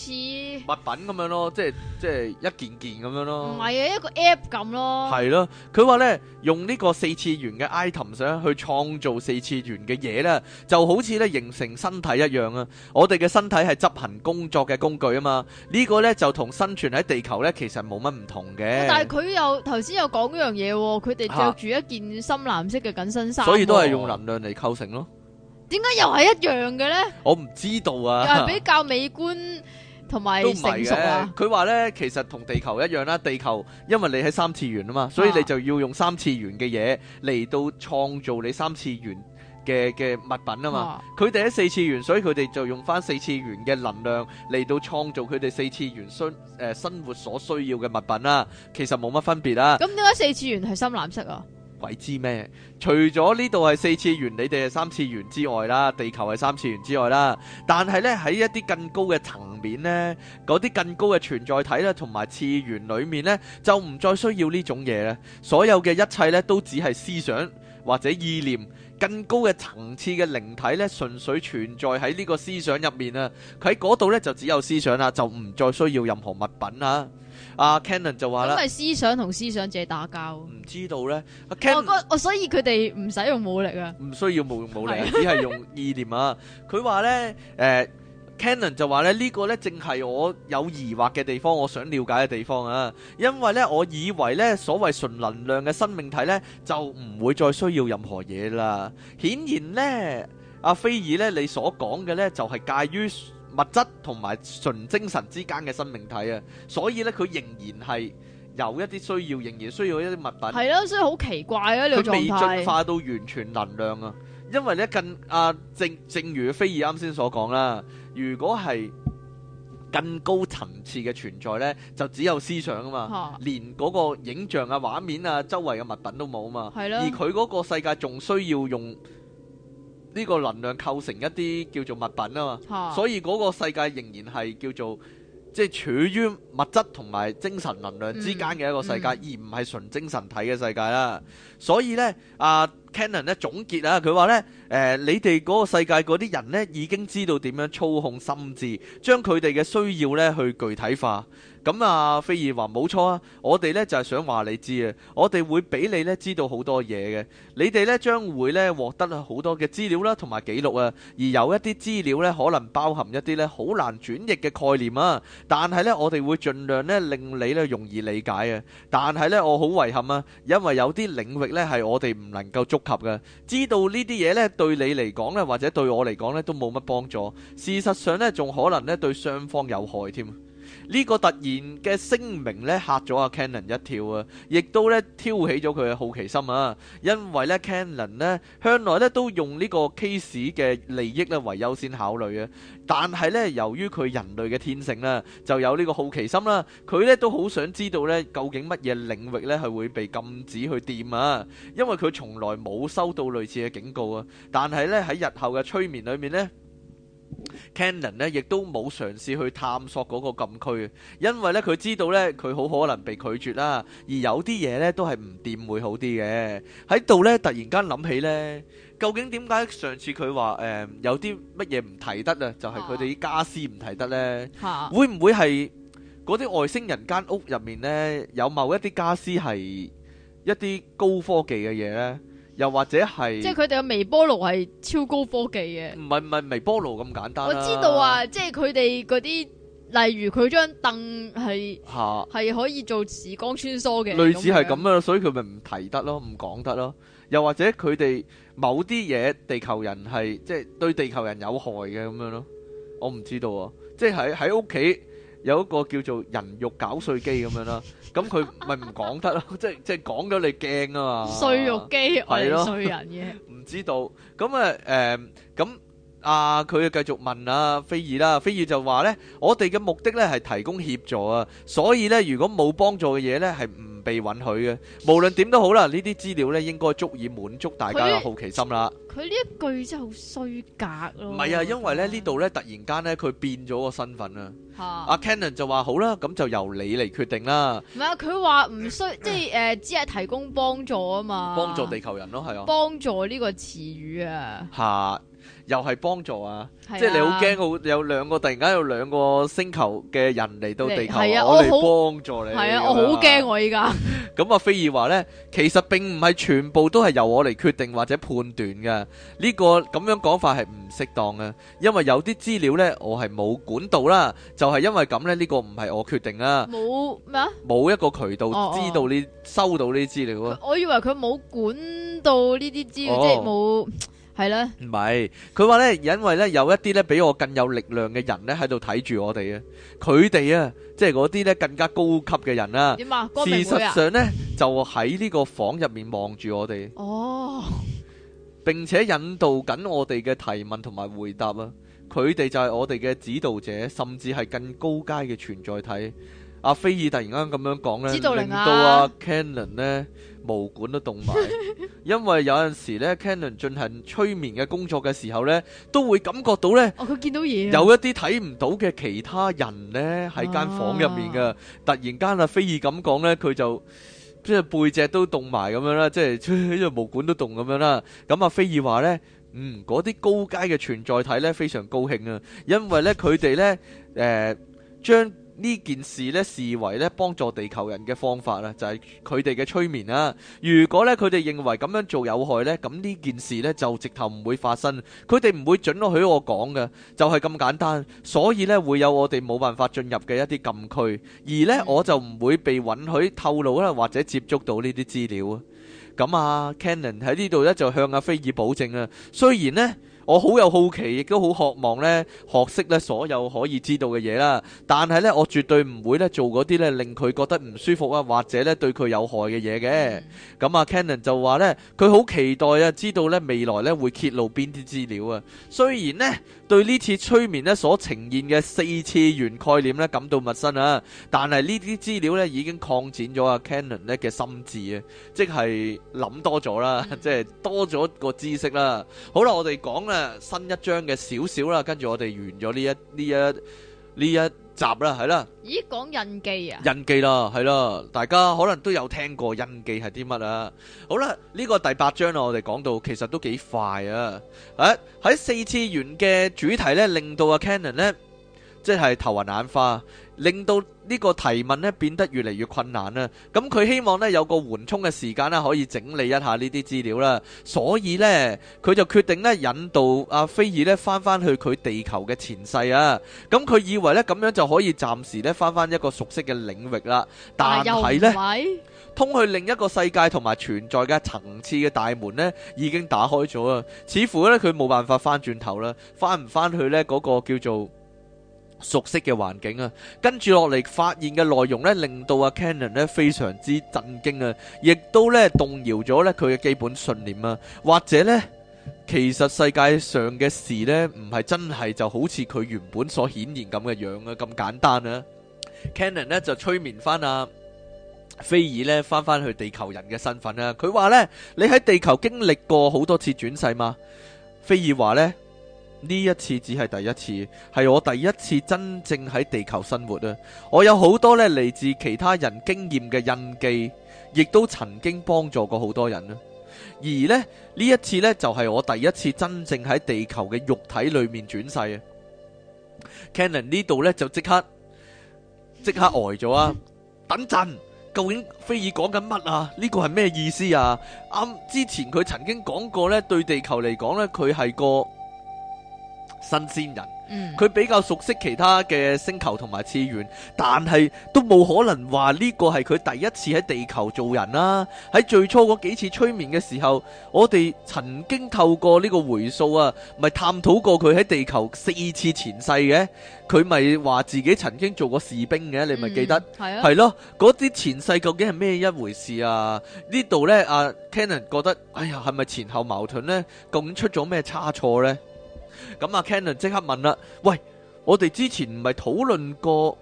物品咁樣咯，即係即係一件件咁樣咯。唔係啊，一個 app 咁咯。係咯，佢話咧用呢個四次元嘅 item 上去創造四次元嘅嘢咧，就好似咧形成身體一樣啊。我哋嘅身體係執行工作嘅工具啊嘛。呢個咧就同生存喺地球咧其實冇乜唔同嘅。但係佢又頭先又講呢樣嘢，佢哋着住一件深藍色嘅緊身衫。所以都係用能量嚟構成咯。點解又係一樣嘅呢？我唔知道啊！又係比較美觀同埋成熟啊！佢話呢，其實同地球一樣啦，地球因為你喺三次元啊嘛，所以你就要用三次元嘅嘢嚟到創造你三次元嘅嘅物品啊嘛。佢哋喺四次元，所以佢哋就用翻四次元嘅能量嚟到創造佢哋四次元誒、呃、生活所需要嘅物品啦、啊。其實冇乜分別啊！咁點解四次元係深藍色啊？鬼知咩？除咗呢度係四次元，你哋係三次元之外啦，地球係三次元之外啦。但係呢，喺一啲更高嘅層面呢，嗰啲更高嘅存在體呢，同埋次元裏面呢，就唔再需要呢種嘢啦。所有嘅一切呢，都只係思想或者意念。更高嘅層次嘅靈體呢，純粹存在喺呢個思想入面啊。佢喺嗰度呢，就只有思想啦，就唔再需要任何物品啦。阿、uh, Cannon 就話啦，咁咪思想同思想者打交。唔知道咧，我覺我所以佢哋唔使用武力啊，唔需要冇用武力， 只係用意念啊。佢話咧，誒、呃、Cannon 就話咧，這個、呢個咧正係我有疑惑嘅地方，我想了解嘅地方啊。因為咧，我以為咧，所謂純能量嘅生命體咧，就唔會再需要任何嘢啦。顯然咧，阿、啊、菲爾咧，你所講嘅咧，就係、是、介於，物質同埋純精神之間嘅生命體啊，所以咧佢仍然係有一啲需要，仍然需要一啲物品。係咯、啊，所以好奇怪啊！佢、這個、未進化到完全能量啊，因為咧更、啊、正，正如非爾啱先所講啦，如果係更高層次嘅存在咧，就只有思想啊嘛，啊連嗰個影像啊、畫面啊、周圍嘅物品都冇啊嘛，啊而佢嗰個世界仲需要用。呢個能量構成一啲叫做物品啊嘛，啊所以嗰個世界仍然係叫做即係、就是、處於物質同埋精神能量之間嘅一個世界，嗯嗯、而唔係純精神體嘅世界啦。所以呢阿、啊、Cannon 咧總結啊，佢話呢：呃「你哋嗰個世界嗰啲人呢，已經知道點樣操控心智，將佢哋嘅需要呢去具體化。咁啊，菲二話冇錯啊，我哋呢就係想話你知啊，我哋會俾你呢知道好多嘢嘅，你哋呢將會呢獲得好多嘅資料啦，同埋記錄啊，而有一啲資料呢，可能包含一啲呢好難轉譯嘅概念啊，但係呢，我哋會盡量呢令你呢容易理解啊，但係呢，我好遺憾啊，因為有啲領域呢係我哋唔能夠觸及嘅，知道呢啲嘢呢對你嚟講呢，或者對我嚟講呢，都冇乜幫助，事實上呢，仲可能呢對雙方有害添。呢個突然嘅聲明咧嚇咗阿 Cannon 一跳啊，亦都咧挑起咗佢嘅好奇心啊，因為咧 Cannon 咧向來咧都用呢個 case 嘅利益咧為優先考慮啊。但係咧由於佢人類嘅天性咧就有呢個好奇心啦，佢咧都好想知道咧究竟乜嘢領域咧係會被禁止去掂啊，因為佢從來冇收到類似嘅警告啊，但係咧喺日後嘅催眠裏面咧。Canon 咧，亦都冇嘗試去探索嗰個禁區，因為咧佢知道咧佢好可能被拒絕啦。而有啲嘢咧都係唔掂會好啲嘅。喺度咧突然間諗起咧，究竟點解上次佢話誒有啲乜嘢唔提得啊？就係佢哋啲家私唔提得咧。嚇！會唔會係嗰啲外星人間屋入面咧有某一啲家私係一啲高科技嘅嘢咧？又或者係，即係佢哋嘅微波爐係超高科技嘅。唔係唔係微波爐咁簡單啊。我知道啊，即係佢哋嗰啲，例如佢張凳係嚇係可以做時光穿梭嘅。類似係咁啊，咁樣。所以佢咪唔提得咯，唔講得咯。又或者佢哋某啲嘢，地球人係即係對地球人有害嘅咁樣咯。我唔知道啊，即係喺喺屋企有一個叫做人肉攪碎機咁樣啦。 咁佢咪唔講得咯， 即係即係講咗你驚啊嘛！碎肉機係碎 人嘅，唔 知道。咁啊誒咁啊佢繼續問啊菲爾啦、啊，菲爾就話咧，我哋嘅目的咧係提供協助啊，所以咧如果冇幫助嘅嘢咧係唔被允許嘅，無論點都好啦，呢啲資料咧應該足以滿足大家嘅好奇心啦。佢呢一句真係好衰格咯。唔係啊，因為咧呢度咧的突然間咧佢變咗個身份的啊就說。嚇！阿 Cannon 就話好啦，咁就由你嚟決定啦。唔係啊，佢話唔需要， 即係誒、呃，只係提供幫助啊嘛。幫助地球人咯，係啊。幫助呢個詞語啊。嚇！又係幫助啊！即係你好驚，好有兩個突然間有兩個星球嘅人嚟到地球，我嚟幫助你。係啊，我好驚我依家。咁啊，飛爾話咧，其實並唔係全部都係由我嚟決定或者判斷嘅。呢個咁樣講法係唔適當嘅，因為有啲資料咧，我係冇管道啦。就係因為咁咧，呢個唔係我決定啊。冇咩啊？冇一個渠道知道你收到呢啲資料啊。我以為佢冇管道呢啲資料，即係冇。係咧，唔係佢話咧，因為咧有一啲咧比我更有力量嘅人咧喺度睇住我哋嘅、啊，佢哋啊，即係嗰啲咧更加高級嘅人啊。啊啊事實上咧，就喺呢個房入面望住我哋，哦，並且引導緊我哋嘅提問同埋回答啊。佢哋就係我哋嘅指導者，甚至係更高階嘅存在體。阿菲爾突然間咁樣講咧，指導靈啊、令到阿 Canon 咧。毛管都凍埋，因為有陣時咧，Cannon 進行催眠嘅工作嘅時候咧，都會感覺到咧，哦，佢見到嘢，有一啲睇唔到嘅其他人咧，喺間房入面㗎，突然間啊，菲爾咁講咧，佢就即係背脊都凍埋咁樣啦，即係呢個毛管都凍咁樣啦。咁啊，菲爾話咧，嗯，嗰啲高階嘅存在體咧，非常高興啊，因為咧佢哋咧，誒將。呢件事咧，視為咧幫助地球人嘅方法咧，就係佢哋嘅催眠啦。如果咧佢哋認為咁樣做有害咧，咁呢件事咧就直頭唔會發生，佢哋唔會準許我講嘅，就係咁簡單。所以咧，會有我哋冇辦法進入嘅一啲禁區，而咧我就唔會被允許透露啦，或者接觸到呢啲資料啊。咁啊，Cannon 喺呢度咧就向阿菲爾保證啊，雖然咧。我好有好奇，亦都好渴望咧，學識咧所有可以知道嘅嘢啦。但係咧，我絕對唔會咧做嗰啲咧令佢覺得唔舒服啊，或者咧對佢有害嘅嘢嘅。咁啊 Cannon 就話咧，佢好期待啊，知道咧未來咧會揭露邊啲資料啊。雖然咧對呢次催眠咧所呈現嘅四次元概念咧感到陌生啊，但係呢啲資料咧已經擴展咗阿 Cannon 咧嘅心智啊，即係諗多咗啦，mm hmm. 即係多咗個知識啦。好啦，我哋講。新一章嘅少少啦，跟住我哋完咗呢一呢一呢一集啦，係啦。咦，講印記啊？印記咯，係咯，大家可能都有聽過印記係啲乜啊？好啦，呢個第八章啦，我哋講到其實都幾快啊！喺喺四次元嘅主題呢，令到阿 Canon 呢，即係頭暈眼花。令到呢個提問咧變得越嚟越困難啦，咁佢希望呢有個緩衝嘅時間可以整理一下呢啲資料啦，所以呢，佢就決定呢引導阿飛兒呢翻翻去佢地球嘅前世啊，咁佢以為呢咁樣就可以暫時呢翻翻一個熟悉嘅領域啦，但係呢，通去另一個世界同埋存在嘅層次嘅大門呢已經打開咗啊，似乎呢，佢冇辦法翻轉頭啦，翻唔翻去呢？嗰個叫做？熟悉嘅環境啊，跟住落嚟發現嘅內容呢，令到阿 Cannon 呢非常之震驚啊，亦都呢動搖咗呢佢嘅基本信念啊，或者呢，其實世界上嘅事呢，唔係真係就好似佢原本所顯現咁嘅樣啊，咁簡單啊。Cannon 呢就催眠翻阿菲爾呢翻翻去地球人嘅身份啊。佢話呢，你喺地球經歷過好多次轉世嘛。菲爾話呢。呢一次只係第一次，係我第一次真正喺地球生活啊！我有好多呢嚟自其他人經驗嘅印記，亦都曾經幫助過好多人，而呢呢一次呢就係、是、我第一次真正喺地球嘅肉體裏面轉世啊 ！Cannon 呢度呢就即刻即刻呆咗啊！ 等陣，究竟菲爾講緊乜啊？呢、這個係咩意思啊？啱、嗯、之前佢曾經講過呢對地球嚟講呢佢係個。新鮮人，佢、嗯、比較熟悉其他嘅星球同埋次元，但係都冇可能話呢個係佢第一次喺地球做人啦、啊。喺最初嗰幾次催眠嘅時候，我哋曾經透過呢個回溯啊，咪探討過佢喺地球四次前世嘅。佢咪話自己曾經做過士兵嘅，你咪記得係啊，咯、嗯，嗰啲前世究竟係咩一回事啊？這裡呢度呢、啊、阿 Cannon 覺得，哎呀，係咪前後矛盾呢？咁出咗咩差錯呢？咁啊，Cannon 即刻問啦：喂，我哋之前唔係討論過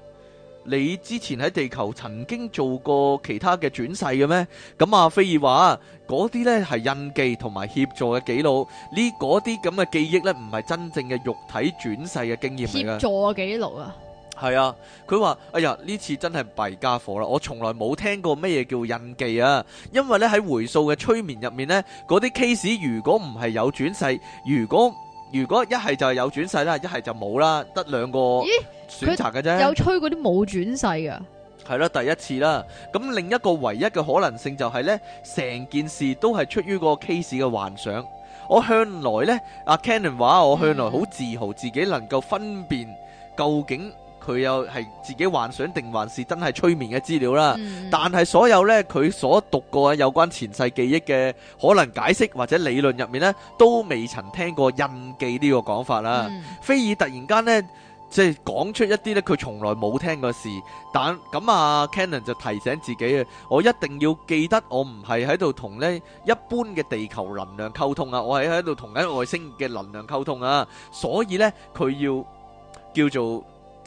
你之前喺地球曾經做過其他嘅轉世嘅咩？咁啊，菲爾話：嗰啲呢係印記同埋協助嘅記錄，呢嗰啲咁嘅記憶呢，唔係真正嘅肉體轉世嘅經驗。協助嘅記錄啊？係啊，佢話：哎呀，呢次真係弊家伙啦！我從來冇聽過咩嘢叫印記啊，因為呢喺回溯嘅催眠入面呢，嗰啲 case 如果唔係有轉世，如果如果一係就係有轉世啦，一係就冇啦，得兩個選擇嘅啫。有吹嗰啲冇轉世㗎，係啦，第一次啦。咁另一個唯一嘅可能性就係呢，成件事都係出於個 case 嘅幻想。我向來呢，阿 Cannon 話我向來好自豪自己能夠分辨究竟。佢又係自己幻想定還是真係催眠嘅資料啦？嗯、但係所有呢，佢所讀過有關前世記憶嘅可能解釋或者理論入面呢，都未曾聽過印記呢個講法啦。嗯、菲爾突然間呢，即係講出一啲呢，佢從來冇聽過事，但咁啊，嗯、Cannon 就提醒自己啊，我一定要記得我唔係喺度同呢一般嘅地球能量溝通啊，我係喺度同緊外星嘅能量溝通啊，所以呢，佢要叫做。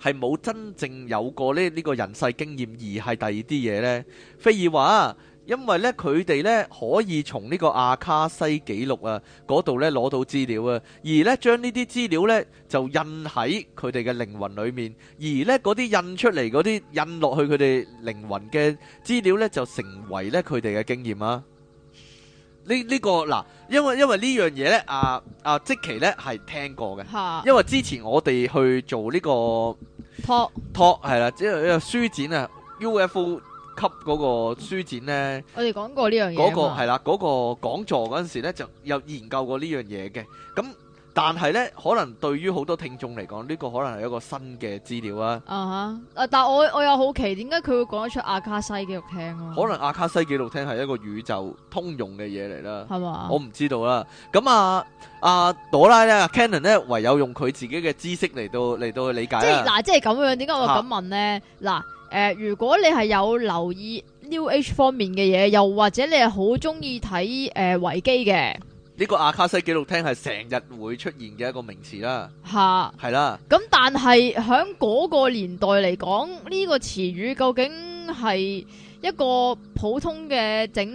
係冇真正有過呢呢個人世經驗，而係第二啲嘢呢。菲爾話：因為呢，佢哋呢，可以從呢個亞卡西記錄啊嗰度呢，攞到資料啊，而呢，將呢啲資料呢，就印喺佢哋嘅靈魂裡面，而呢，嗰啲印出嚟嗰啲印落去佢哋靈魂嘅資料呢，就成為呢佢哋嘅經驗啊。呢呢個嗱，因為因為呢樣嘢咧，阿阿積奇咧係聽過嘅，因為之前我哋去做呢個托托係啦，即係呢個書展啊，UFO 級嗰個書展咧，我哋講過呢樣嘢，嗰個係啦，嗰個講座嗰陣時咧就有研究過呢樣嘢嘅，咁。但係咧，可能對於好多聽眾嚟講，呢個可能係一個新嘅資料啊！Uh huh. 啊嚇，啊但係我我又好奇，點解佢會講得出阿卡西記錄聽咯、啊？可能阿卡西記錄聽係一個宇宙通用嘅嘢嚟啦，係嘛嗎？我唔知道啦。咁啊啊朵拉咧，啊 Cannon 咧，唯有用佢自己嘅知識嚟到嚟到理解、啊、即係嗱，即係咁樣，點解我咁問咧？嗱、啊，誒、啊，如果你係有留意 New Age 方面嘅嘢，又或者你係好中意睇誒維基嘅？呃呢個阿卡西紀錄廳係成日會出現嘅一個名詞啦、啊，吓，係啦。咁但係響嗰個年代嚟講，呢、呢個詞語究竟係一個普通嘅整？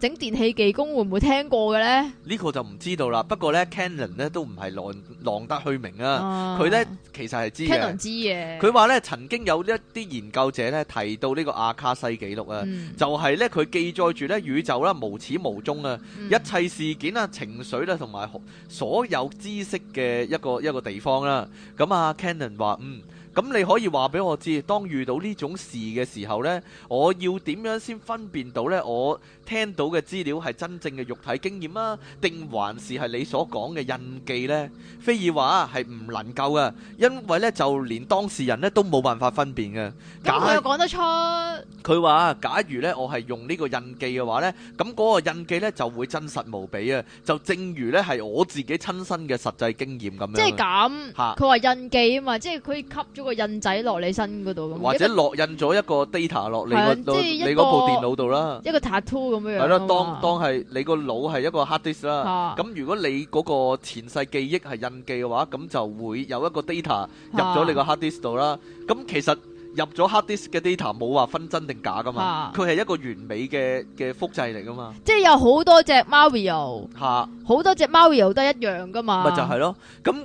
整電器技工會唔會聽過嘅呢？呢個就唔知道啦。不過呢 Canon 呢都唔係浪浪得虛名啊。佢、啊、呢，其實係知嘅。Canon 知嘅。佢話呢，曾經有一啲研究者呢，提到呢個阿卡西記錄啊，嗯、就係呢，佢記載住呢宇宙啦無始無終啊，嗯、一切事件啊情緒啊同埋所有知識嘅一個一個地方啦、啊。咁啊，Canon 話嗯，咁、嗯、你可以話俾我知，當遇到呢種事嘅時候呢，我要點樣先分辨到呢？我？聽到嘅資料係真正嘅肉體經驗啊，定還是係你所講嘅印記咧？菲爾話係唔能夠啊，因為咧就連當事人咧都冇辦法分辨嘅。咁佢又講得出。佢話假如咧我係用呢個印記嘅話咧，咁嗰個印記咧就會真實無比啊，就正如咧係我自己親身嘅實際經驗咁樣，即係咁。嚇！佢話印記啊嘛，啊即係佢吸咗個印仔落你身嗰度或者落印咗一個 data 落個你嗰個你嗰部電腦度啦。一個 tattoo 咁。係咯，當當係你個腦係一個 hard disk 啦。咁的如果你嗰個前世記憶係印記嘅話，咁就會有一個 data 入咗你個 hard disk 度啦。咁的其實入咗 hard disk 嘅 data 冇話分真定假噶嘛，佢係的一個完美嘅嘅複製嚟噶嘛。即係有好多隻 Mario，好多隻 Mario 都係一樣噶嘛。咪就係咯，咁。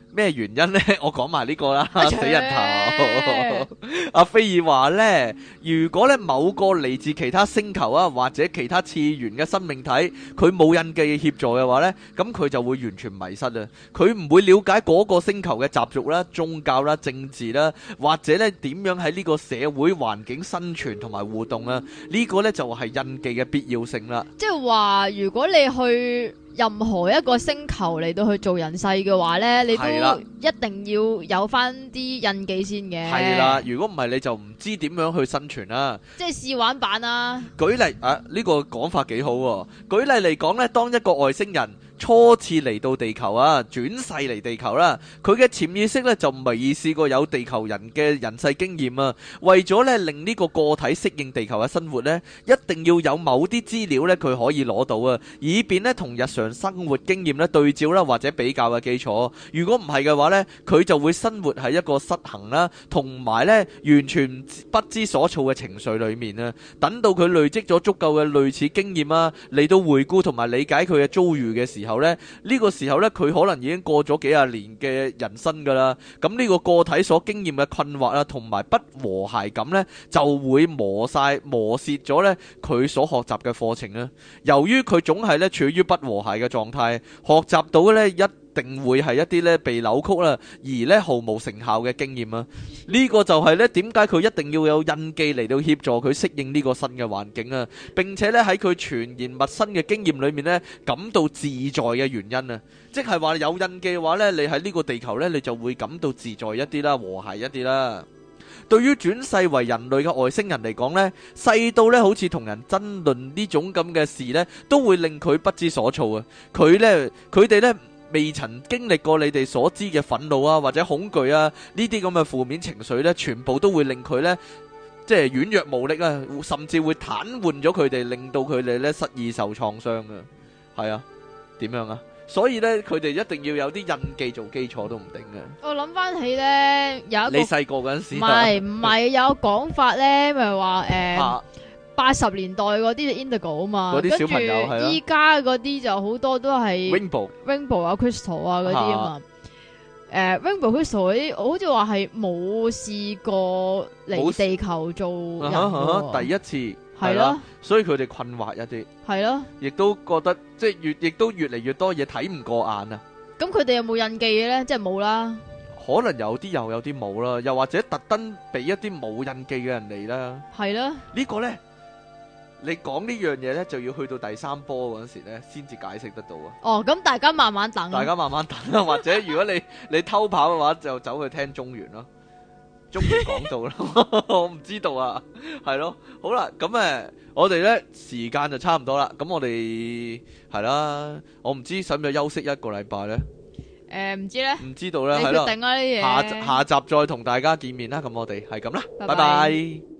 咩原因呢？我講埋呢個啦，啊、死人頭。啊、 阿菲爾話呢，如果呢某個嚟自其他星球啊，或者其他次元嘅生命體，佢冇印記協助嘅話呢，咁佢就會完全迷失啦！佢唔會了解嗰個星球嘅習俗啦、宗教啦、政治啦，或者呢點樣喺呢個社會環境生存同埋互動啊！呢、這個呢，就係、是、印記嘅必要性啦。即係話，如果你去。任何一個星球嚟到去做人世嘅話咧，你都一定要有翻啲印記先嘅。係啦，如果唔係你就唔知點樣去生存啦、啊。即係試玩版啊。舉例啊，呢、呢個講法幾好、啊。舉例嚟講咧，當一個外星人。初次嚟到地球啊，轉世嚟地球啦，佢嘅潛意識咧就未試過有地球人嘅人世經驗啊。為咗咧令呢個個體適應地球嘅生活咧，一定要有某啲資料咧佢可以攞到啊，以便咧同日常生活經驗咧對照啦或者比較嘅基礎。如果唔係嘅話咧，佢就會生活喺一個失衡啦，同埋咧完全不知所措嘅情緒裏面啊。等到佢累積咗足夠嘅類似經驗啊，嚟到回顧同埋理解佢嘅遭遇嘅時候。後呢個時候呢，佢可能已經過咗幾廿年嘅人生噶啦。咁、這、呢個個體所經驗嘅困惑啊，同埋不和諧感呢，就會磨晒磨蝕咗呢佢所學習嘅課程啦。由於佢總係呢處於不和諧嘅狀態，學習到呢一。定會係一啲咧被扭曲啦，而咧毫無成效嘅經驗啊。呢個就係咧點解佢一定要有印記嚟到協助佢適應呢個新嘅環境啊。並且咧喺佢全然陌生嘅經驗裏面咧，感到自在嘅原因啊，即係話有印記嘅話咧，你喺呢個地球咧，你就會感到自在一啲啦，和諧一啲啦。對於轉世為人類嘅外星人嚟講咧，細到咧好似同人爭論呢種咁嘅事咧，都會令佢不知所措啊。佢咧，佢哋咧。未曾經歷過你哋所知嘅憤怒啊，或者恐懼啊，呢啲咁嘅負面情緒呢，全部都會令佢呢，即係軟弱無力啊，甚至會癱瘓咗佢哋，令到佢哋呢失意受創傷嘅，係啊，點樣啊？所以呢，佢哋一定要有啲印記做基礎都唔定嘅。我諗翻起呢，有一個你細 個嗰陣時，唔係唔係有講法呢，咪話誒？Um, 啊八十年代嗰啲 Indigo 啊嘛，嗰啲小朋友，跟住依家嗰啲就好多都係 Rainbow、Rainbow 啊、Crystal 啊嗰啲啊嘛。誒 Rainbow、Crystal 嗰啲，我好似話係冇試過嚟地球做人，第一次係咯，所以佢哋困惑一啲，係咯，亦都覺得即係越，亦都越嚟越多嘢睇唔過眼啊。咁佢哋有冇印記嘅咧？即係冇啦，可能有啲又有啲冇啦，又或者特登俾一啲冇印記嘅人嚟啦，係啦，呢個咧。你講呢樣嘢呢，就要去到第三波嗰時呢，先至解釋得到啊！哦，咁大家慢慢等、啊。大家慢慢等啦、啊， 或者如果你你偷跑嘅話，就走去聽中原咯，中原講到啦， 我唔知道啊，係咯，好啦，咁咪，我哋呢，時間就差唔多啦，咁我哋係啦，我唔知使唔使休息一個禮拜呢？誒、呃，唔知呢，唔知道呢。係、啊、咯下，下集下集再同大家見面啦，咁我哋係咁啦，拜拜。拜拜。